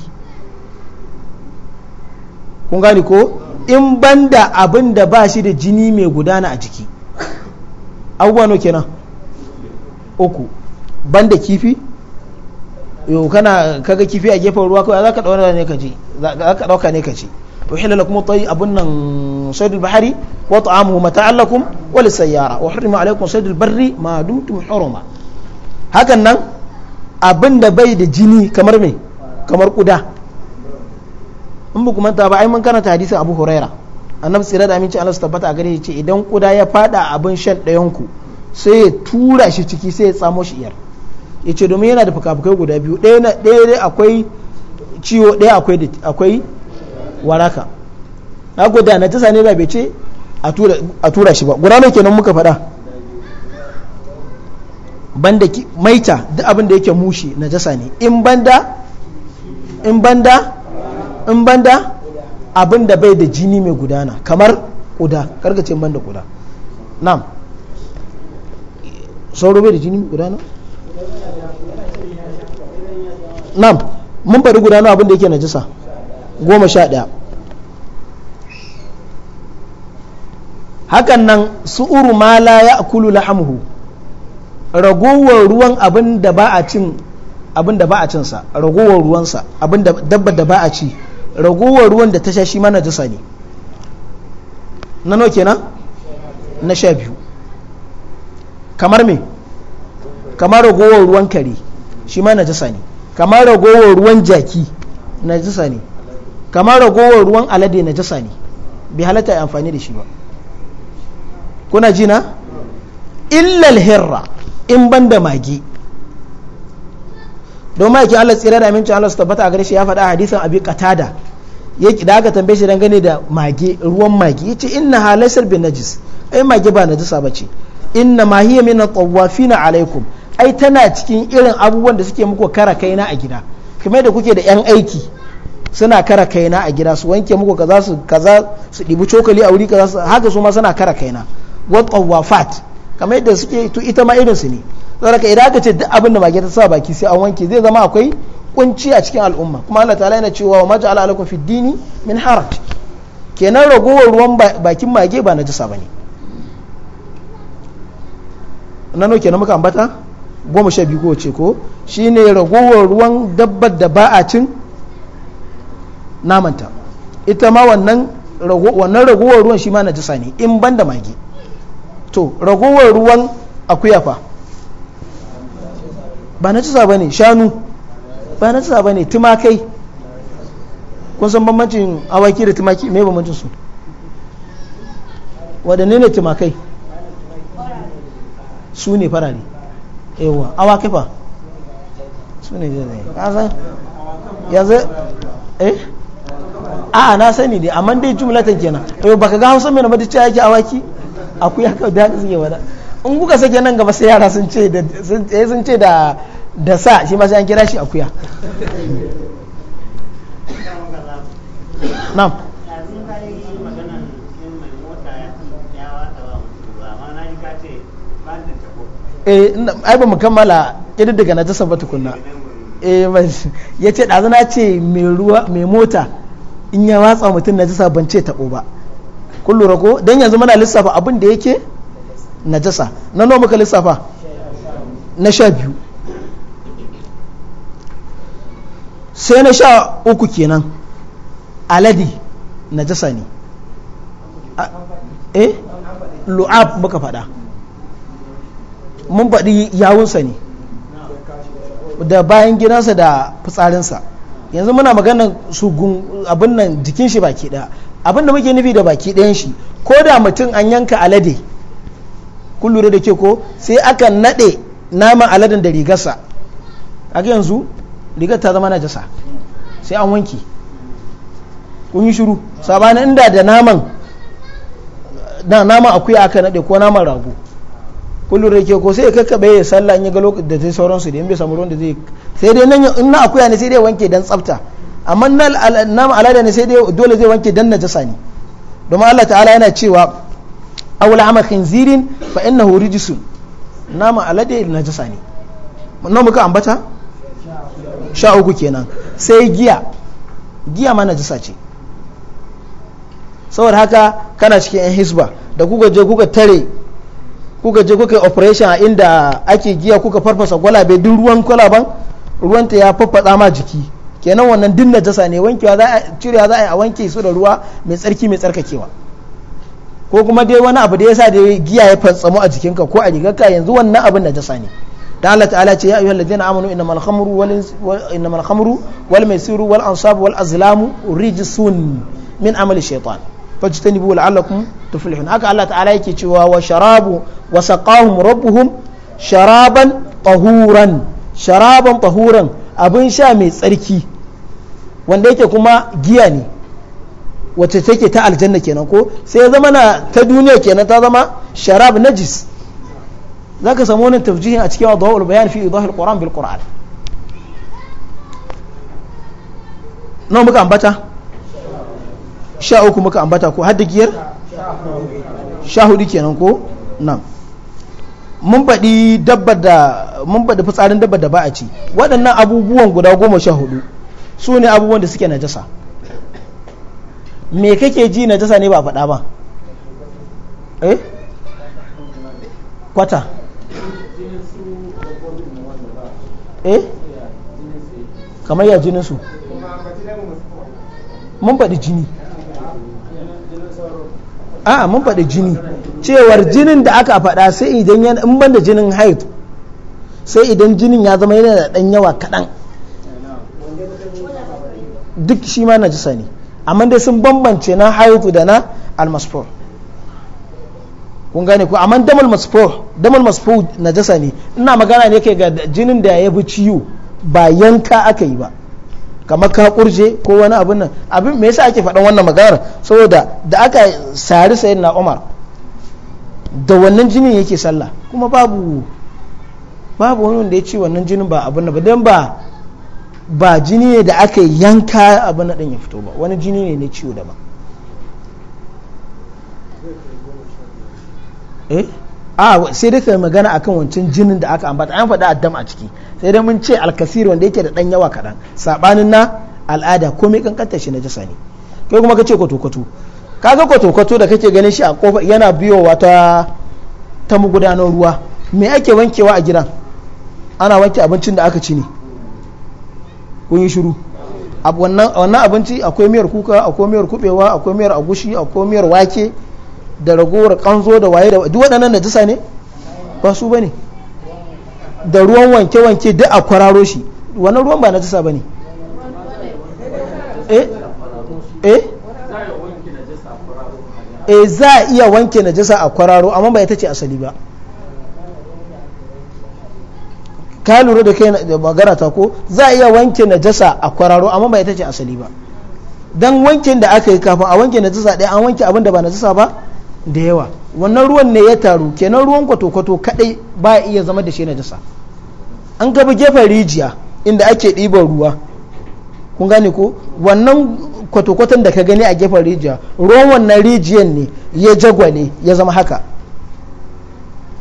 kun gani ko in banda abin da ba shi da jini mai gudana a jiki abubuwa no kenan uku banda kifi yau kana kaga kifi a gefen ruwa kawai za ka ɗauka ne ka ji za ka ɗauka ne ka ci uhilla lakum tayyib abun nan sayd bahari wa ta'amu mata'an lakum wa lis-sayyara wa hurrima alaykum sayd barri ma dumtum huruma hakan nan abin da bai da jini kamar me kamar kuda in ba manta ba ai mun karanta hadisin abu huraira annabi tsira da aminci Allah su tabbata a gare ce idan kuda ya fada abin shan ɗayan ku sai ya tura shi ciki sai ya tsamo shi iyar ya ce domin yana da fuka-fukai guda biyu ɗaya dai akwai ciwo ɗaya akwai akwai waraka na guda na tisa ne da bai ce a tura shi ba guda ne kenan muka faɗa banda maita duk abin da yake mushi na jasa ne in banda in banda in banda abin da bai da jini mai gudana kamar kuda karkace in banda kuda nam sauro bai da jini mai gudana nam mun faɗi gudana abin da yake najisa goma sha ɗaya hakan nan su'uru ma la ya akulu lahamhu ragowar ruwan abin da ba a cin abin da ba a cinsa ragowar ruwansa abin da dabba da ba a ci Raguwar ruwan da ta sha shi mana najasa ne na nawa kenan na sha biyu kamar me kamar ragowar ruwan kare shi mana najasa ne kamar ragowar ruwan jaki najasa ne kamar ragowar ruwan alade najasa ne bai halatta ya amfani da shi ba kuna jina illal herra in ban da mage Domin ma'aikin Allah tsira da amincin Allah su tabbata a gare shi ya faɗa hadisan abi qatada yake da aka tambaye shi dangane da mage ruwan mage yace inna halasar bin najis ai mage ba najisa bace inna ma hiya min at-tawafina alaikum ai tana cikin irin abubuwan da suke muku kara kaina a gida kamar da kuke da yan aiki suna kara kaina a gida su wanke muku kaza su kaza su dibi cokali a wuri kaza su haka su ma suna kara kaina wa tawafat kamar yadda suke to ita ma irin su ne saboda idan aka ce duk abin mage ta sa baki sai an wanke zai zama akwai kunci a cikin al'umma kuma Allah ta yana cewa wa maja'ala ala fid dini min haraj kenan ragowar ruwan bakin mage ba na jisa ne na nano kenan muka ambata goma sha biyu kowace ko shi ne ragowar ruwan dabbar da ba a cin namanta ita ma wannan ragowar ruwan shi ma na jisa ne in ban da mage to ragowar ruwan akuya fa ba jisa ba ne shanu bayanan tsa ba ne tumakai san bambancin awaki da tumaki mai bambancin su waɗanne ne tumakai su ne farare yawa awaki fa su ne zai kasa yanzu eh a na sani ne amma dai jumlatan kenan yau baka ga hausa mai na mata cewa yake awaki akwai haka da suke wada in kuka sake nan gaba sai yara sun ce da eh, da sa shi ma sai an kira shi akuya na'am eh, ai ba mu kammala daga na tasar ba tukunna eh ya ce na ce mai mota in ya watsa mutum na jisa ban ce taɓo ba kun lura ko don yanzu muna lissafa abin da yake najasa na nawa muka lissafa na sha biyu sai na sha uku kenan aladi na jasa ne eh lu'ab muka faɗa mun faɗi yawunsa ne da bayan gidansa da fitsarinsa yanzu muna magana su abin nan jikin shi baki ɗaya abin da muke nufi da baki ɗayan shi ko da mutum an yanka alade kun da ke ko sai aka naɗe naman aladen da rigarsa a yanzu rigar ta zama najasa sai an wanki kun yi shiru sabanin inda da naman da naman akuya aka nade ko naman rago kullum rake ko sai ya kakkabe ya sallah in yi ga lokacin da zai sauransu da in bai samu ruwan da zai sai dai nan in na akuya ne sai dai wanke dan tsafta amma naman alada ne sai dai dole zai wanke dan najasa ne domin Allah ta'ala yana cewa aw lahama khinzirin fa innahu rijsun naman alade najasa ne nan muka ambata sha uku kenan sai giya giya ma jisa ce saboda haka kana cikin yan hisba da kuka je kuka tare kuka je kuka yi operation a inda ake giya kuka farfasa gwalabe duk ruwan kwalaban ruwanta ya faffaɗa ma jiki kenan wannan duk najasa ne wankewa za a cirewa za a yi a wanke su da ruwa mai tsarki mai tsarkakewa ko kuma dai wani abu da ya sa da giya ya fantsamu a jikinka ko a rigarka yanzu wannan abin najasa ne da Allah ta'ala ce ya ayyuhal ladina amanu innamal khamru wal innamal khamru wal maisiru wal ansabu wal azlamu rijsun min amali shaytan fajtanibu la'allakum tuflihun haka Allah ta'ala yake cewa wa sharabu wa saqahum rabbuhum sharaban tahuran sharaban tahuran abin sha mai tsarki wanda yake kuma giya ne wacce take ta aljanna kenan ko sai ya zama na ta duniya kenan ta zama sharab najis zaka samu wannan tafjihin a cikin wadawul bayan fi idahil qur'an bil qur'an nawa muka ambata sha uku muka ambata ko hadda giyar sha hudu kenan ko nan mun baɗi dabbar da mun baɗi fitsarin dabbar da ba a ci waɗannan abubuwan guda goma sha hudu su ne abubuwan da suke najasa me kake ji najasa ne ba a faɗa ba eh kwata eh kamar ya jinin su mun faɗi jini a mun faɗi jini cewar jinin da aka faɗa sai idan yan in ban da jinin haid sai idan jinin ya zama yana da ɗan yawa kaɗan duk shi ma na jisa ne amma dai sun bambance na haihu da na almasfor kun gane ku amma damal masfo damal na najasa ne ina magana ne ke ga jinin da ya bi ciwo ba yanka aka yi ba kamar ka kurje ko wani abin nan abin me yasa ake faɗan wannan maganar saboda da aka sari sayin na Umar da wannan jinin yake sallah kuma babu babu wani wanda ya ce wannan jinin ba abin nan ba dan ba ba jini ne da aka yanka abin nan din ya fito ba wani jini ne na ciwo daban eh a ah, sai dai sai magana akan wancan jinin da aka ambata an faɗi addam a ciki sai dai mun ce alkasir wanda yake da ɗan yawa kaɗan sabanin na al'ada komai kankanta shi na jasa ne kai kuma ka ce kwato-kwato kaga kwato-kwato da kake ganin shi a kofa yana biyowa ta ta mugudanar ruwa me ake wankewa a gidan ana wanke abincin da aka ci ne kun yi shiru wannan abinci akwai miyar kuka akwai miyar kubewa akwai miyar agushi akwai miyar wake da ragowar kanzo da waye da duk waɗannan najisa ne ba su bane da ruwan wanke-wanke duk a kwararo shi wannan ruwan ba najisa bane eh? eh eh za a iya wanke najisa a kwararo amma ba ita ce asali ba ka lura da kai da magana ta ko za a iya wanke najasa a kwararo amma ba ita ce asali ba dan wankin da aka yi kafin a wanke najasa ɗaya an wanke abin da ba najasa ba da yawa wannan ruwan ne ya taru kenan ruwan kwato-kwato kadai ba iya zama da shi na jisa an gaba gefen rijiya inda ake ɗiban ruwa kun gane ko wannan kwato-kwaton da ka gani a gefen rijiya ruwan wannan rijiyan ne ya jagwale ya zama haka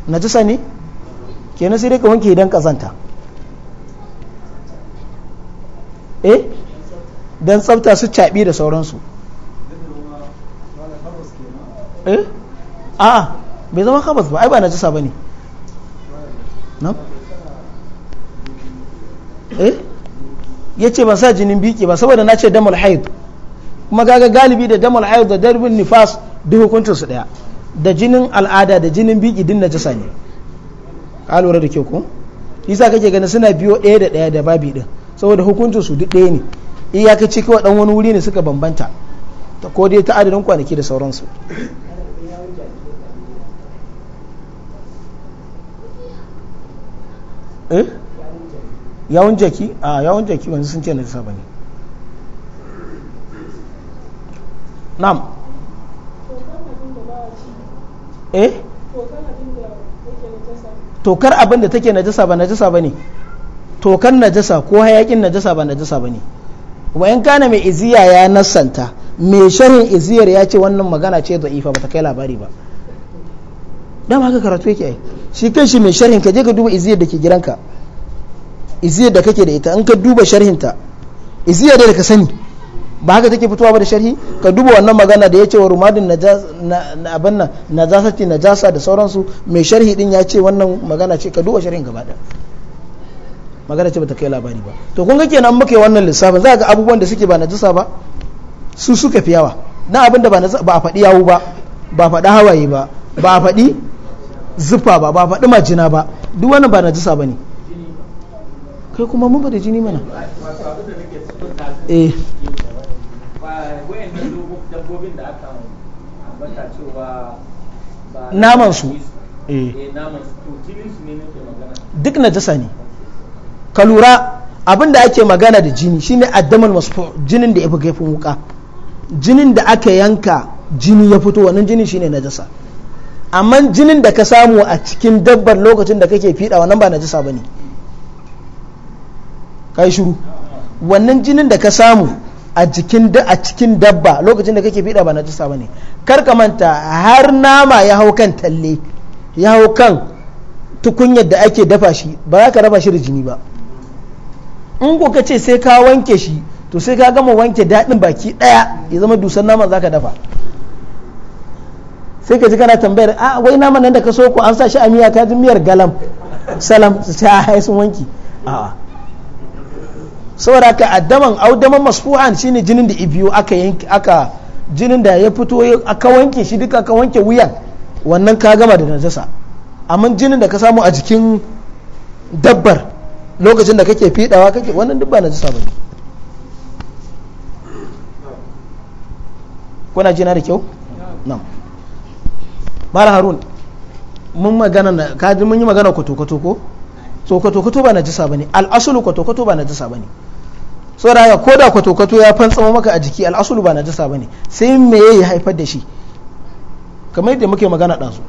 na jisa ne kenan sai dai ka wanke idan kazanta eh don tsafta su caɓi da sauransu eh a bai zama kabas ba ai ba najasa ba ne na eh ya ce ba sa jinin biki ba saboda na ce damar haid kuma gaga galibi da damar haid da darbin nifas duk hukuncin su daya da jinin al'ada da jinin biki din najasa ne ka lura da kyau ko yasa kake ganin suna biyo ɗaya da ɗaya da babi din saboda hukuncin su duk ɗaya ne iyakaci kawai dan wani wuri ne suka bambanta ko dai ta adadin kwanaki da sauransu eh yawon jaki a yawon jaki wanzu sun ce najasa bane na'am eh tokar abin da take najasa ba najasa bane tokar najasa ko hayakin najasa ba najasa bane wa in kana mai iziya ya nasanta mai sharhin iziyar ya ce wannan magana ce da ifa ba ta kai labari ba dama haka karatu yake ai shi kai shi mai sharhin ka je ka duba iziyar da ke gidanka iziyar da kake da ita in ka duba sharhin ta iziyar da ka sani ba haka take fitowa ba da sharhi ka duba wannan magana da ya ce wa rumadin abin nan na jasa da sauransu mai sharhi din ya ce wannan magana ce ka duba sharhin gaba magana ce bata kai labari ba to kun ga kenan muke wannan lissafin za ga abubuwan da suke ba na jasa ba su suka fi yawa na abin da ba a faɗi yawu ba ba a faɗi hawaye ba ba a faɗi zufa ba ba faɗi majina ba duk wani ba na jisa ba ne kai kuma mun bada jini mana eh. naman su eh. duk na jisa ne ka lura abinda ake magana da jini shine addamal masu jinin da ya fi gaifin wuka jinin da aka yanka jini ya fito wannan jini shine najasa amma jinin da ka samu a cikin dabbar lokacin da kake fiɗa wannan ba najasa ba ne ka shuru wannan jinin da ka samu a cikin dabba lokacin da kake fiɗa ba najasa ba ne kar ka manta har nama ya hau kan talle ya hau kan tukunyar da ake dafa shi ba za ka raba shi da jini ba in ko ka ce sai ka wanke shi to sai ka gama wanke daɗin baki ɗaya ya zama dusar nama za ka dafa sai ka ji kana tambayar a ah, wai naman nan da ka so ku an sa shi a miya ta ji miyar galam salam ta hai sun wanki a'a saboda ka addaman audaman masfuhan shine jinin da ibiyo aka yanki aka jinin da ya fito aka wanke shi duka aka wanke wuyan wannan ka gama da najasa amma jinin da ka samu a jikin dabbar lokacin da kake fidawa kake wannan duk ba najasa ba kuna jina da kyau na'am mala harun mun magana na kaji mun yi magana kwato-kwato ko so kwato-kwato ba najasa bane al'asulu kwato-kwato ba najasa bane da haka ko da kwato-kwato ya fantsama maka a jiki al'asulu ba jisa bane sai me ya haifar da shi kamar yadda muke magana ɗansu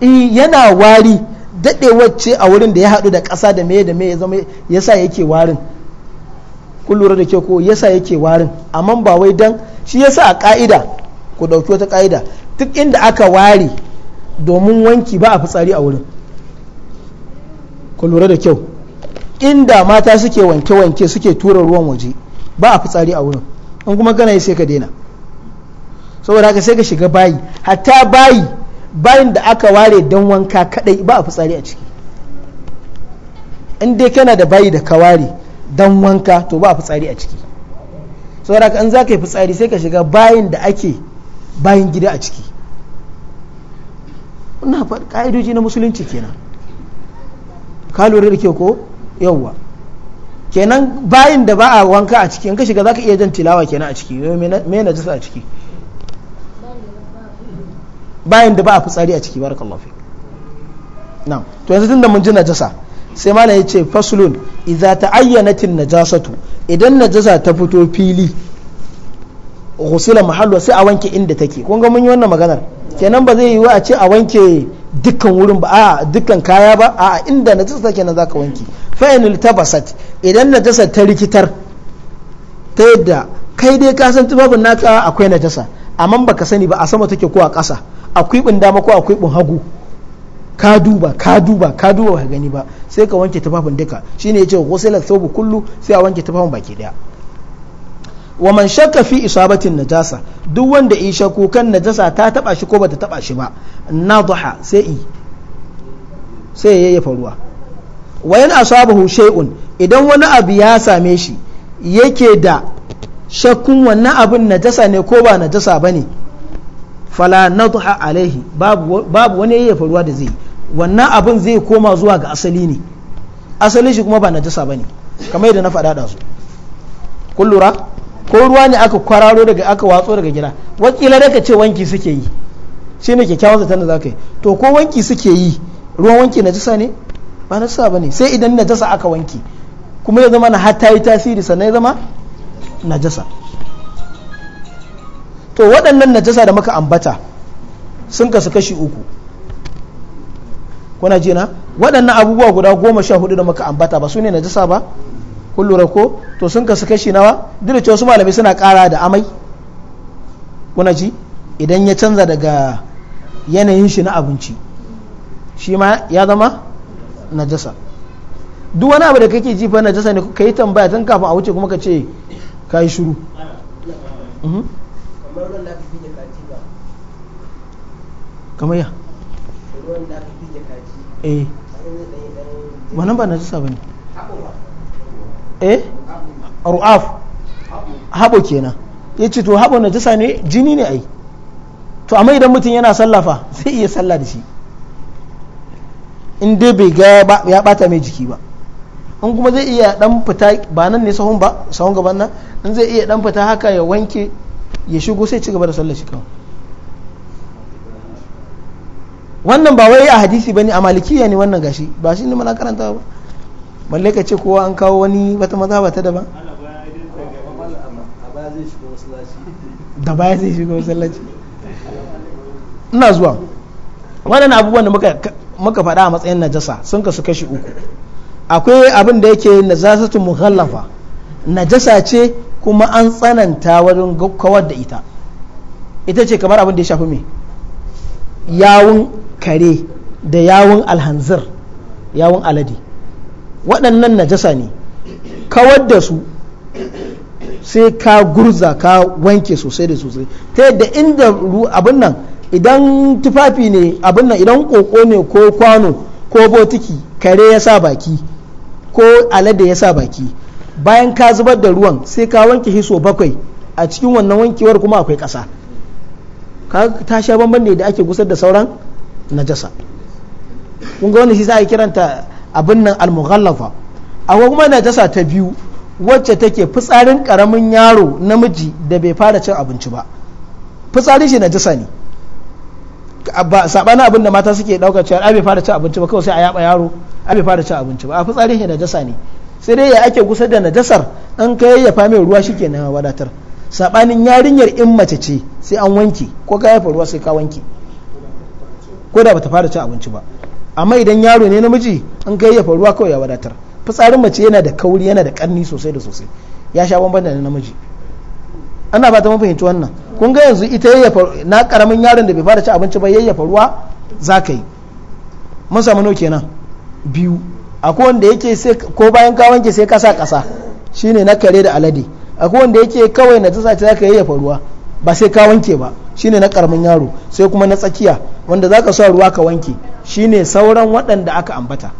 eh, yana wari daɗewar ce a wurin da ya hadu da kasa da meye da meye ya zama yasa yake warin kun lura da ke ko yasa yake warin amma ba wai dan shi yasa a ka'ida. ku ɗauki wata ƙa'ida duk inda aka ware domin wanki ba a fitsari a wurin ku lura da kyau inda mata suke wanke-wanke suke tura ruwan waje ba a fitsari a wurin in kuma gana yi sai ka daina saboda haka sai ka shiga bayi hatta bayi bayin da aka ware don wanka kadai ba a fitsari a ciki in dai kana da bayi da ka ware don wanka to ba a fitsari a ciki saboda haka in za ka yi fitsari sai ka shiga bayin da ake bayan gida a ciki na faɗi ƙa'idoji na musulunci kenan ka lura da ke ko yawwa kenan bayin da ba a wanka a ciki in ka shiga za ka iya jan tilawa kenan a ciki me na jisa a ciki bayin da ba a fitsari a ciki barakan lafi na to yanzu tun da mun ji najasa sai malam ya ce fasulun idza na najasatu idan najasa ta fito fili ghusila mahallu sai a wanke inda take kun ga mun yi wannan maganar kenan ba zai yiwu a ce a wanke dukkan wurin ba a dukkan kaya ba a inda najasa take nan zaka wanke fa in tabasat idan najasa ta rikitar ta yadda kai dai ka san tubabin naka akwai najasa amma baka sani ba a sama take ko a ƙasa akwai bin dama ko akwai bin hagu ka duba ka duba ka duba ba gani ba sai ka wanke tufafin duka shine yace ghusila thawbu kullu sai a wanke tufafin baki daya wa man shakka fi isabatin najasa duk wanda yi shakku kan najasa ta taba shi ko bata taba shi ba nadha sai i sai yayi faruwa wa yan asabahu shay'un idan wani abu ya same shi yake da shakkun wannan abin najasa ne ko ba najasa bane fala nadha alaihi babu babu wani yayi faruwa da zai wannan abin zai koma zuwa ga asali ne asalin shi kuma ba najasa bane kamar yadda na faɗa da su kullura. ko ruwa ne aka kwararo daga aka watso daga gida wakila daga ka ce wanki suke yi shi ne kyakkyawan zaton da za ka yi to ko wanki suke yi ruwan wanki na jisa ne ba na jisa ba ne sai idan na jasa aka wanki kuma ya zama na hata yi tasiri sannan ya zama na jasa to waɗannan na jasa da muka ambata sun kasu kashi uku kuna jina waɗannan abubuwa guda goma sha hudu da muka ambata ba su ne na jasa ba kun lura ko to sun kasu kashi nawa duk da cewa su malami suna kara da amai kuna ji idan ya canza daga yanayin shi na abinci shi ma ya zama najasa duk wani abu da kake ji fa najasa ne ka yi tambaya tun kafin a wuce kuma ka ce ka yi shiru mhm. eh. wannan ba najasa ba ne eh ru'af habo kenan ya ce to habo na jisa ne jini ne ai to amma idan mutum yana sallafa zai iya sallah da shi in dai bai ga ya bata mai jiki ba in kuma zai iya dan fita ba nan ne sahun ba sahun gaban nan in zai iya dan fita haka ya wanke ya shigo sai ci gaba da sallar shi kawai wannan ba wai a hadisi bane a malikiya ne wannan gashi ba shi ne mana karanta ba balle ka ce kowa an kawo wani wata maza ba ta ba. da baya zai shiga masallaci ina zuwa waɗannan abubuwan da muka faɗa a matsayin najasa sun kasu kashi uku akwai abin da yake najasatu muhallafa najasa ce kuma an tsananta wajen kawar da ita ita ce kamar abin da ya shafi me yawun kare da yawun alhanzir yawun alade waɗannan najasa ne kawar da su sai ka gurza ka wanke sosai da sosai ta yadda inda abin nan idan tufafi ne abin nan idan koko ne ko kwano ko botiki kare ya sa baki ko alade ya sa baki bayan ka zubar da ruwan sai ka wanke hiso bakwai a cikin wannan wankewar kuma akwai ƙasa ta sha bamban ne da ake gusar da sauran najasa kun ga wani shi za a kiranta abin nan almughallafa akwai kuma najasa ta biyu wacce take fitsarin karamin yaro namiji da bai fara cin abinci ba fitsarin shi najasa ne ba sabanin abin da mata suke dauka cewa bai fara cin abinci ba kawai sai a yaba yaro a bai fara cin abinci ba a fitsarin shi najasa ne sai dai ya ake kusa da najasar an kai ya fame ruwa shikenan wadatar sabanin yarinyar in mace ce sai an wanke ko ka yafa ruwa sai ka wanke ko da bata fara cin abinci ba amma idan yaro ne namiji an ga yayyafa ruwa kawai ya wadatar fitsarin mace yana da kauri yana da karni sosai da sosai ya sha bamban da namiji ana fata mun fahimci wannan kun ga yanzu ita yayyafa na karamin yaron da bai fara ci abinci ba yayyafa ruwa za ka yi mun samu nau kenan biyu akwai wanda yake sai ko bayan ka wanke sai kasa sa kasa shine na kare da alade akwai wanda yake kawai na tsatsa ta ka yayyafa ruwa ba sai ka wanke ba shine na karamin yaro sai kuma na tsakiya wanda za zaka sa ruwa ka wanke shi ne sauran waɗanda aka ambata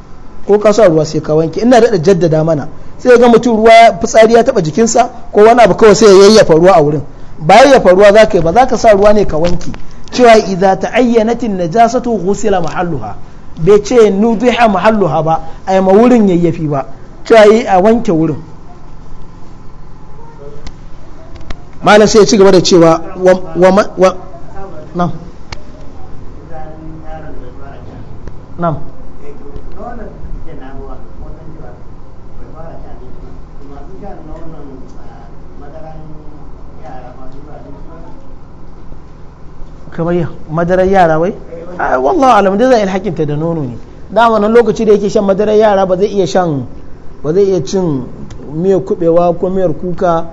ko ka sa ruwa sai ka wanke ina daɗa jaddada mana sai ga mutum ruwa fitsari ya taɓa jikinsa ko wani abu kawai sai ya yayyafa ruwa a wurin ba yayyafa ruwa za ka yi ba za ka sa ruwa ne ka wanke cewa ta idza ta'ayyanatin najasatu ghusila mahalluha bai ce nudiha mahalluha ba ai ma wurin yayyafi ba cewa yi a wanke wurin malam sai ya ci gaba da cewa wa nam nan kamar madarar yara wai wallah alam da za a hakinta da nono ne da nan lokaci da yake shan madarar yara ba zai iya shan ba zai iya cin miyar kubewa ko miyar kuka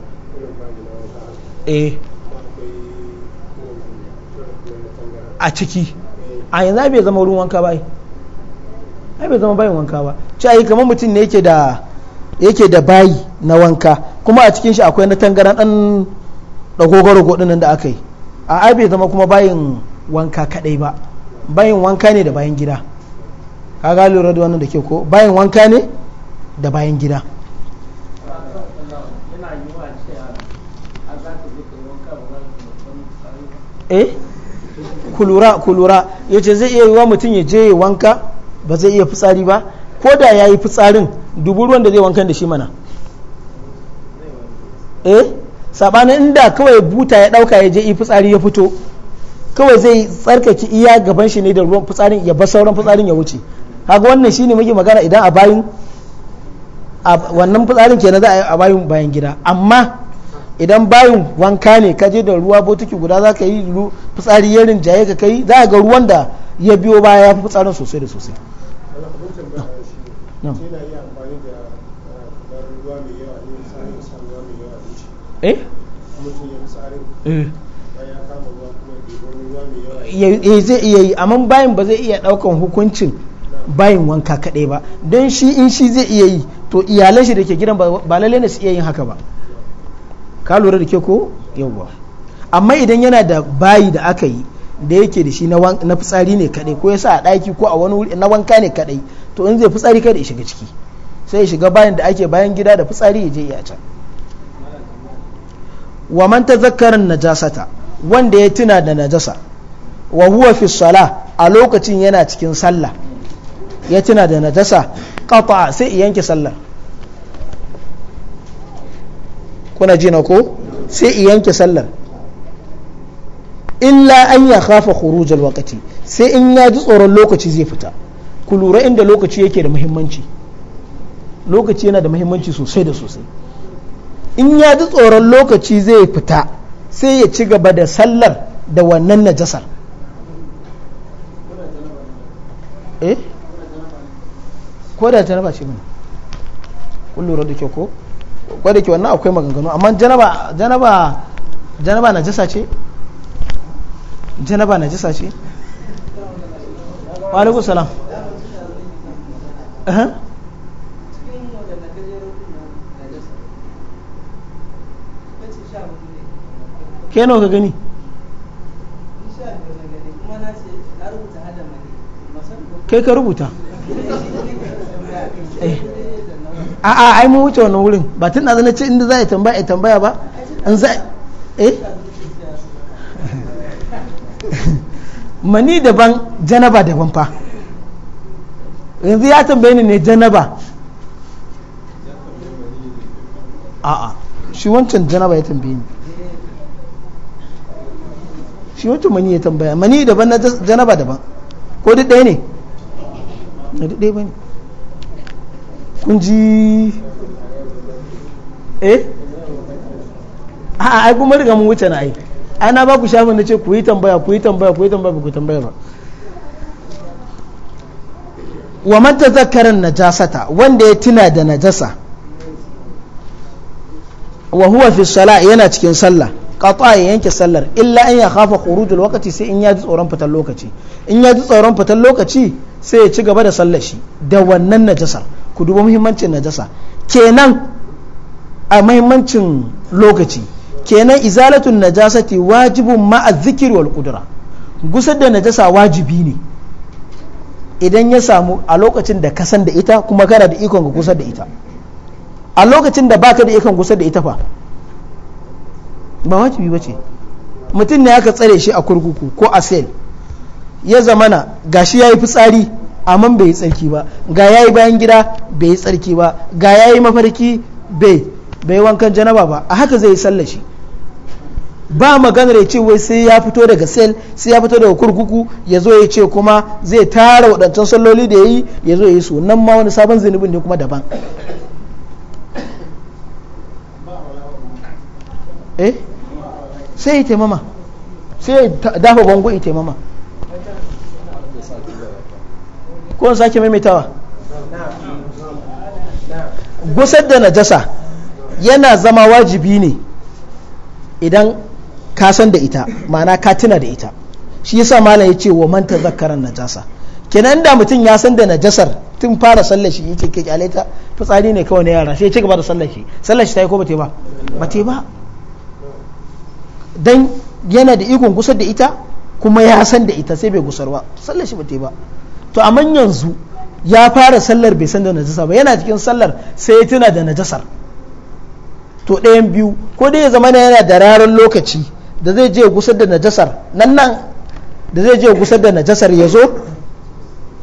eh a ciki a yanzu bai zama wurin wanka ba ai bai zama bayin wanka ba ci ayi kamar mutum ne yake da yake da bayi na wanka kuma a cikin shi akwai na tangaran dan dagogoro nan da aka yi a ai bai zama kuma bayin wanka kadai ba bayin wanka ne da bayan gida ka ga lura da wannan da ke ko bayin wanka ne da bayan gida eh kulura kulura ya ce zai iya yiwa mutum ya je ya wanka ba zai iya fitsari ba ko da ya yi fitsarin dubu ruwan da zai wankan da shi mana eh sabanin inda kawai buta ya dauka ya je yi fitsari ya fito kawai zai tsarkake iya gaban shi ne da ruwan fitsarin ya bar sauran fitsarin ya wuce haka wannan shine muke magana idan a bayin wannan fitsarin kenan za a yi a bayin bayan gida amma idan bayan wanka ne kaje da ruwa botiki guda za ka yi fitsari ya rinjaye ka kai za a ga ruwan da ya biyo baya ya fi fitsarin sosai da sosai eh? Eh, zai iya yi amma bayan ba zai iya daukan hukuncin bayan wanka kadai ba don shi in shi zai iya yi to iyalai shi da ke gidan ba lalle ne su iya yin haka ba ka lura da ke ko yawwa amma idan yana da bayi da aka yi da yake da shi na fitsari ne kadai ko ya sa a daki ko a wani wuri na wanka ne kadai to in zai fitsari kada ya shiga ciki sai ya shiga bayan da ake bayan gida da fitsari ya je ya can wa man tazakkaran najasata wanda ya tuna da najasa wa huwa fi sala a lokacin yana cikin sallah ya tuna da najasa qata sai yanke sallar kuna jina ko sai in yanke sallar illa an ya kafa khurujal wakati sai in ya ji tsoron lokaci zai fita ku lura inda lokaci yake da muhimmanci lokaci yana da muhimmanci sosai da sosai in ya ji tsoron lokaci zai fita sai ya ci gaba da sallar da wannan najasar eh ko da ta ce mun kullu da kyau ko ko ke wannan akwai maganganu amma janaba janaba janaba jisa ce janaba na jisa ce wa salam ke nawa ka gani kai ka rubuta eh a'a ai mu wuce wani wurin ba tun da na ce inda za a tambaya a tambaya ba in za eh mani daban janaba daban fa yanzu ya tambaye ni ne janaba a'a shi wancan janaba ya tambaye ni shi wancan mani ya tambaya mani daban na janaba daban ko duk ɗaya ne na duk ɗaya ba ne kunji eh a ai kuma riga mun wuce na ai ai na ba ku shafin na ce ku yi tambaya ku yi tambaya ku yi tambaya ku tambaya ba wa man tazakkaran najasata wanda ya tuna da najasa wa huwa fi sala yana cikin sallah qata ya yanke sallar illa an ya khafa khurujul waqti sai in ya ji tsoron fitar lokaci in ya ji tsoron fitar lokaci sai ya ci gaba da sallar shi da wannan najasar ku duba muhimmancin najasa kenan a muhimmancin lokaci kenan izalatun najasati wajibun ma'a zikir wal kudura gusar da najasa wajibi ne idan ya samu a lokacin da ka san da ita kuma kana da ikon ga gusar da ita a lokacin da baka da ikon gusar da ita fa ba wajibi ba ce mutum ne aka tsare shi a kurkuku ko a sel ya zamana gashi ya yi fitsari amma bai yi tsarki ba ga ya yi bayan gida bai yi tsarki ba ga ya yi mafarki bai bai wankan janaba ba a haka zai yi sallar shi ba maganar ya ce wai sai ya fito daga sel sai ya fito daga kurkuku ya zo ya ce kuma zai tara waɗancan salloli da ya yi ya zo ya yi su nan ma wani sabon zunubin ne kuma daban eh? sai ya taimama sai ya dafa bango ya taimama ko sake maimaitawa gusar da najasa yana zama wajibi ne idan ka san da ita ma'ana ka tuna da ita shi yasa malam ya ce wa manta zakaran najasa kenan da mutum ya san da najasar tun fara sallar shi yake ke kyale ta fitsari ne kawai na yara sai ya ci gaba da sallar shi sallar shi ta yi ko bata ba bata ba dan yana da ikon gusar da ita kuma ya san da ita sai bai gusar ba sallar shi bata ba to amma yanzu ya fara sallar bai san da najasa ba yana cikin sallar sai ya tuna da najasar to ɗayan biyu ko dai ya zama yana da rarar lokaci da zai je gusar da najasar nan nan da zai je gusar da najasar ya zo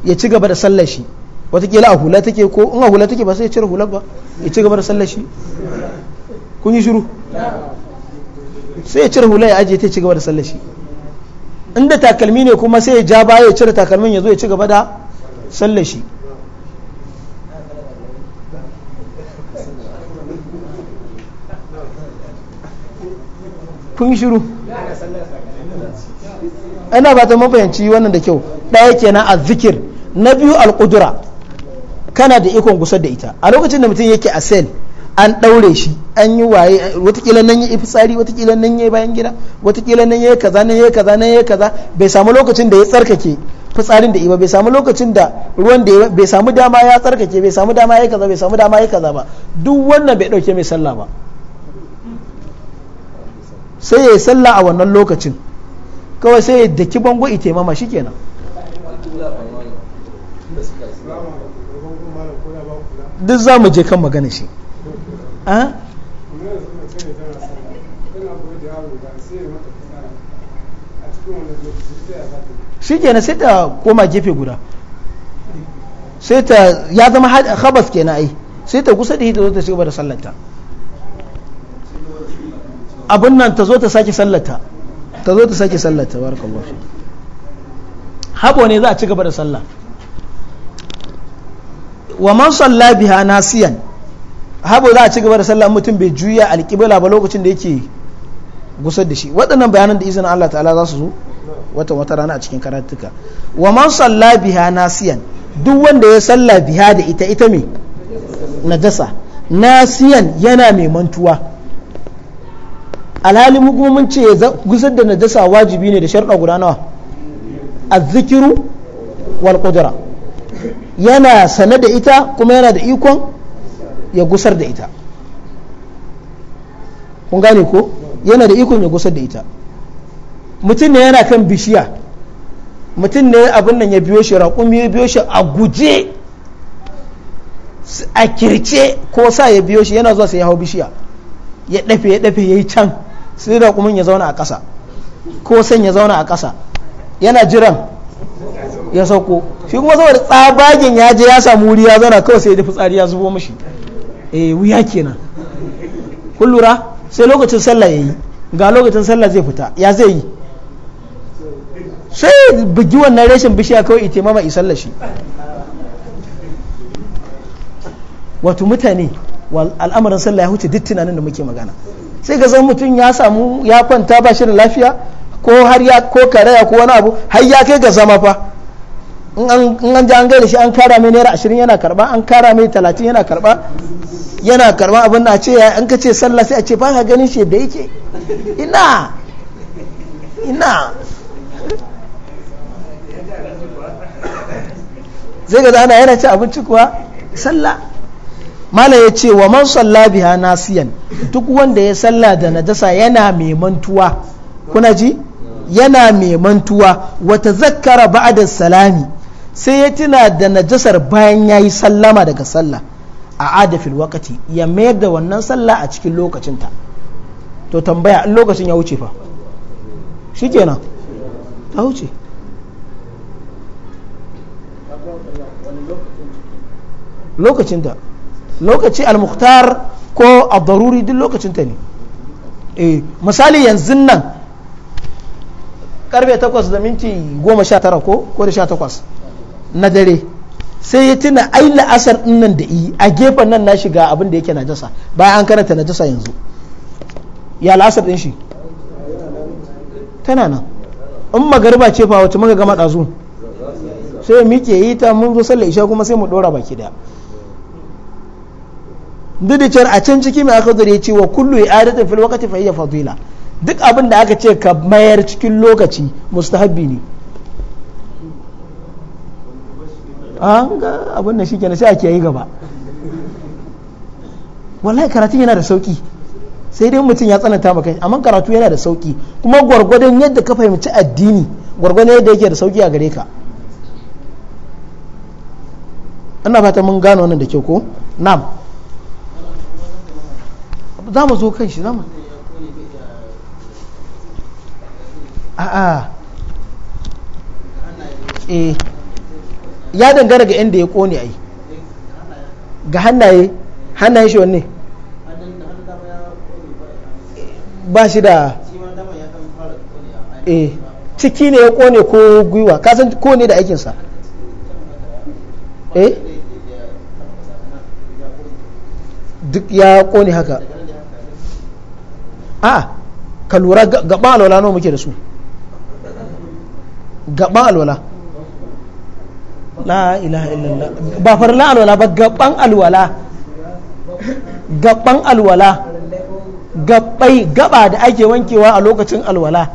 ya ci gaba da sallar shi watakila a hula take ko in a hula take ba sai ya cire hular ba ya ci gaba da sallar shi kun yi shiru sai ya cire hula ya ajiye ta ci gaba da sallar shi inda takalmi ne kuma sai ya ja baya ya cire takalmin ya zo ya ci gaba da sallar shi kun shiru ina ba ta mafayanci wannan da kyau ɗaya kenan a zikir na biyu alƙudura kana da ikon gusar da ita a lokacin da mutum yake a sel an ɗaure shi an yi waye watakila nan ya yi fitsari watakila nan ya yi bayan gida watakila nan ya yi kaza nan ya yi kaza nan ya yi kaza bai samu lokacin da ya tsarkake fitsarin da iba bai samu lokacin da ruwan da bai samu dama ya tsarkake bai samu dama ya yi kaza bai samu dama ya yi kaza ba duk wannan bai ɗauke mai sallah ba sai ya yi sallah a wannan lokacin kawai sai ya daki bango ite mama shikenan duk za mu je kan magana shi a shi kenan sai ta koma gefe guda sai ta ya zama habas kenan ai sai ta kusa da ta zo ta shiga da sallata abin nan ta zo ta sake sallata ta zo ta sake sallata barakallahu fi habo ne za a ci gaba da sallah wa man salla biha nasiyan habo za a ci gaba da sallah mutum bai juya alƙibla ba lokacin da yake gusar da shi waɗannan bayanan da izinin Allah ta'ala za su zo wata wata rana a cikin karatuka wa man salla biha nasiyan duk wanda ya salla biha da ita ita me najasa nasiyan yana mai mantuwa alhali mu kuma mun ce gusar da najasa wajibi ne da sharɗa guda nawa azzikiru wal qudra yana sane da ita kuma yana da ikon ya gusar da ita kun gane ko yana da ikon ya gusar da ita mutum ne yana kan bishiya mutum ne abin nan ya biyo shi raƙumi ya biyo shi a guje a kirce ko sa ya biyo shi yana zuwa sai ya hau bishiya ya dafe ya dafe ya yi can sai raƙumin ya zauna a ƙasa ko san ya zauna a ƙasa yana jiran ya sauko shi kuma saboda tsabagen ya je ya samu wuri ya zauna kawai sai ya dafi tsari ya zubo mashi eh wuya kenan kun lura sai lokacin sallah yayi ga lokacin sallah zai fita ya zai yi sai bugi wannan rashin bishiya kawai ita mama isalla shi wato mutane al'amarin sallah ya huce duk tunanin da muke magana sai ga zan mutum ya samu ya kwanta ba shi da lafiya ko har ya ko karaya ko wani abu har ya kai ga zama fa in an ji an gaida shi an kara mai naira ashirin yana karba an kara mai talatin yana karba yana karba abin da a ce an ka ce sallah sai a ce ba ka ganin shi da yake ina ina zai ga ana yana ci abinci kuwa sallah mala ya ce wa man sallah biha nasiyan duk wanda ya sallah da najasa yana mai mantuwa kuna ji yana mai mantuwa wata zakkara ba'da salami sai ya tuna da najasar bayan ya yi sallama daga sallah a adafin wakati ya mayar da wannan sallah a cikin lokacinta to tambaya in lokacin ya wuce fa shi kenan ta wuce lokacinta lokaci al-mukhtar ko a daruri duk lokacinta ne eh, misali yanzu nan karfe 8 da minti 19 ko ko da 18 na dare sai ya tuna ai la'asar nan da yi a gefen nan na shiga abin da yake najasa bayan an karanta najasa yanzu ya la'asar din shi tana nan in magariba ce fa wacce muka gama ɗazu sai muke yi ta mun zo sallar isha kuma sai mu ɗora baki daya duk da cewa a can ciki mai aka zure cewa kullu ya fil waqti fa hiya fadila duk abin da aka ce ka mayar cikin lokaci mustahabbi ne an ah, ga abin da shikenan sai a kiyaye gaba wallahi karatun yana da sauki sai dai mutum ya tsananta maka amma karatu yana da sauki kuma gwargwadon yadda ka fahimci addini gwargwadon yadda yake da sauki a gare ka ina fata mun gano wannan da kyau ko nam za mu zo kan shi zama a'a eh ya dangana ga inda ya kone ai ga hannaye hannaye shi wanne ba shi da eh, ciki ne ya kone ko gwiwa kasan kone da aikinsa eh duk ya kone haka a ka lura gaba alwala nawa muke da su gaba alwala la ilaha illallah ba farla alwala ba gaban alwala gaban alwala gabai gaba da ake wankewa a lokacin alwala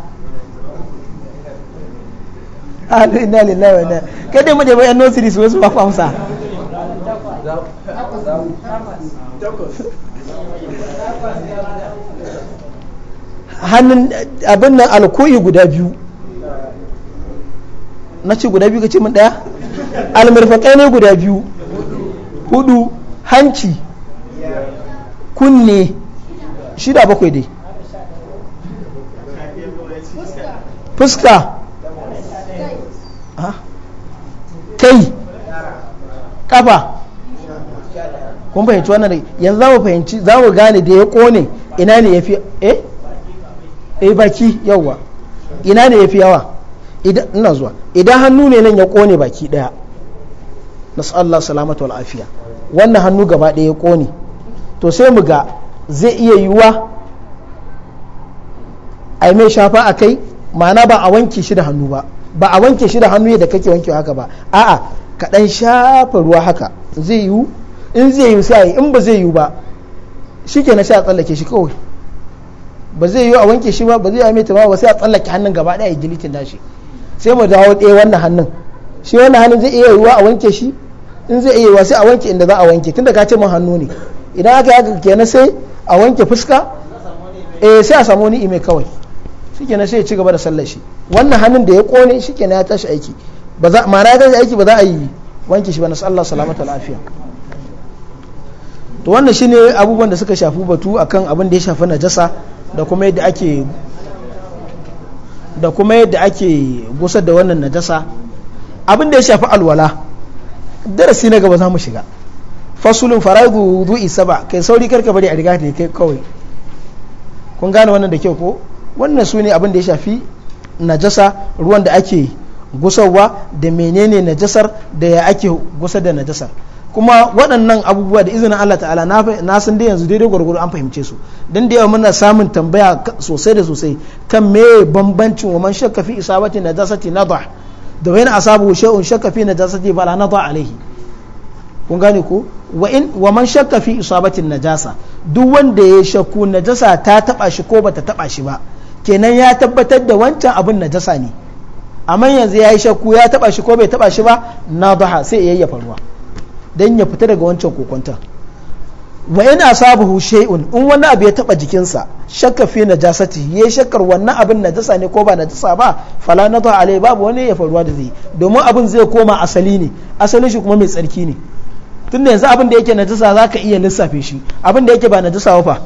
inna lillahi wa inna kai dai muje bayan nursery su wasu ba hannun abin nan alkoyi guda biyu na ce guda biyu ka ce min ɗaya almirfaƙai ne guda biyu hudu hanci kunne shida bakwai dai fuska kai kafa kun fahimci wannan da yanzu za mu fahimci za mu gane da ya kone ina ne ya fi eh? eh baki yauwa ina ne ya fi yawa idan ina zuwa idan hannu ne nan ya kone baki daya Allah salamatu wal afiya wannan hannu gaba daya ya kone to sai mu ga zai iya yiwuwa a mai shafa a kai ma'ana ba a wanke shi da hannu ba ba a wanke shi da hannu yadda kake wanke haka ba a'a ka dan shafa ruwa haka zai yiwu in zai yiwu sai in ba zai yiwu ba shi ke na sha a tsallake shi kawai ba zai yiwu a wanke shi ba ba zai yi mai ba sai a tsallake hannun gaba daya ya gilitin shi. sai mu dawo ɗaya wannan hannun shi wannan hannun zai iya yiwuwa a wanke shi in zai iya yiwuwa sai a wanke inda za a wanke tunda ka ce mun hannu ne idan aka yi kenan sai a wanke fuska eh sai a samu wani ime kawai shikenan sai ya ci gaba da sallar shi wannan hannun da ya kone shikenan ya tashi aiki ba za ma ya tashi aiki ba za a yi wanke shi ba na sallah salamatu lafiya to wannan shine abubuwan da suka shafi batu akan abin da ya shafi najasa da kuma yadda ake da kuma yadda ake gusar da wannan najasa abin da ya shafi alwala darasi na gaba za mu shiga fasulun faraigu isa saba kai sauri karka bari a riga da kai kawai kun gane wannan da kyau ko wannan su ne abin da ya shafi najasa ruwan da ake gusarwa da menene najasar da ya ake gusar da najasar kuma waɗannan abubuwa da izinin Allah ta'ala na san dai yanzu daidai gwargwaro an fahimce su don da yawa muna samun tambaya sosai da sosai kan me bambancin wa man shakka fi isabati najasati nadha da wani asabu shay'un shakka fi najasati fala nadha alaihi kun gane ko wa in wa man shakka fi isabati najasa duk wanda ya shakku najasa ta taba shi ko bata taba shi ba kenan ya tabbatar da wancan abin najasa ne amma yanzu ya yi shakku ya taba shi ko bai taba shi ba nadha sai yayyafa ruwa don ya fita daga wancan kokonta wa ina sabu shay'un in wani abu ya taba jikinsa shakka fi jasati yayi shakkar wannan abin na najasa ne ko ba na jasa ba fala nadu alai babu wani ya faruwa da zai domin abin zai koma asali ne asalin shi kuma mai tsarki ne tunda yanzu abin da yake za ka iya lissafe shi abin da yake ba najasa ba fa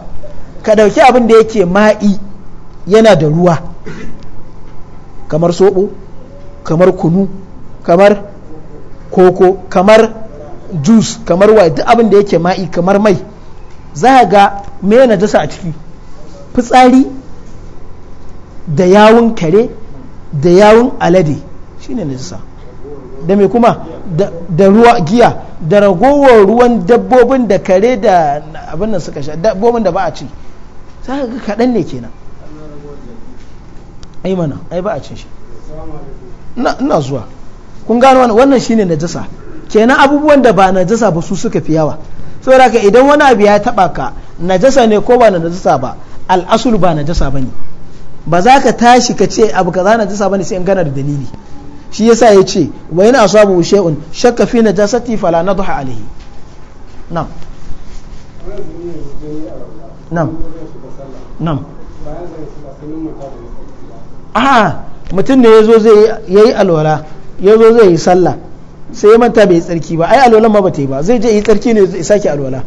ka dauki abin da yake ma'i yana da ruwa kamar soɓo, kamar kunu kamar koko kamar juice kamar wa duk abin da yake ma'i kamar mai za a ga me dasa a ciki fitsari da yawun kare da yawun alade shine najasa da me kuma da ruwa giya da ragowar ruwan dabbobin da kare da abin da suka sha dabbobin da ba a ci za ka ga kaɗan ne kenan ai mana ai ba a cin shi ina zuwa kun gano wannan shine najasa kenan abubuwan da ba najasa ba su suka fi yawa saboda ka idan wani abu ya taba ka najasa ne ko ba najasa ba al'asul ba najasa ne ba za ka tashi ka ce abu kaza najasa ne sai in gana da dalili shi yasa ya ce wa yana asabu shay'un shakka fi najasati fala nadha alayhi na'am na'am na'am aha mutum ne yazo zai yayi alwala yazo zai yi sallah sai ya manta bai yi tsarki ba ai alwalan ma bata yi ba zai je yi tsarki ne ya sake alwala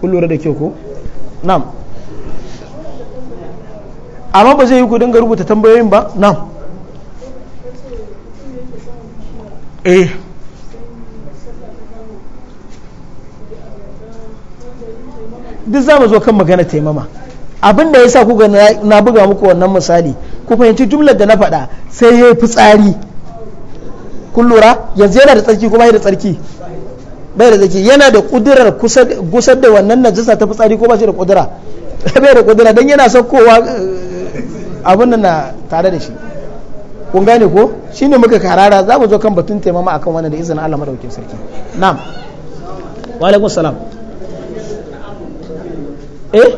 kun lura da kyau ko na'am amma ba zai yi ku dinga rubuta tambayoyin ba na'am eh duk za mu zo kan magana taimama abin da ya sa kuka na buga muku wannan misali ku fahimci jumlar da na faɗa sai ya yi fitsari kun lura yanzu yana da tsarki ko yana da tsarki bai da tsarki yana da kudurar gusar da wannan najasa ta fitsari ko ba shi da kudura bai da kudura don yana saukowa eh, abin na tare da shi kun gane ko shine muka karara za mu zo kan batun taimama akan wannan da izinin Allah madaukakin sarki na'am wa alaikum salam eh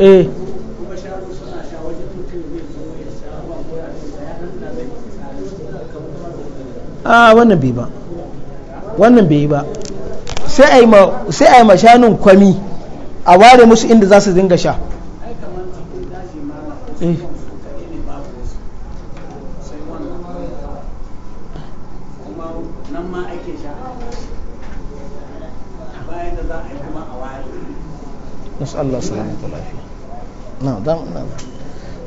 eh a ah, wannan bai ba wannan bai ba sai a yi ma shanun kwami a ware musu inda za su dinga sha نسأل ta lafiya. Na, don, na, na.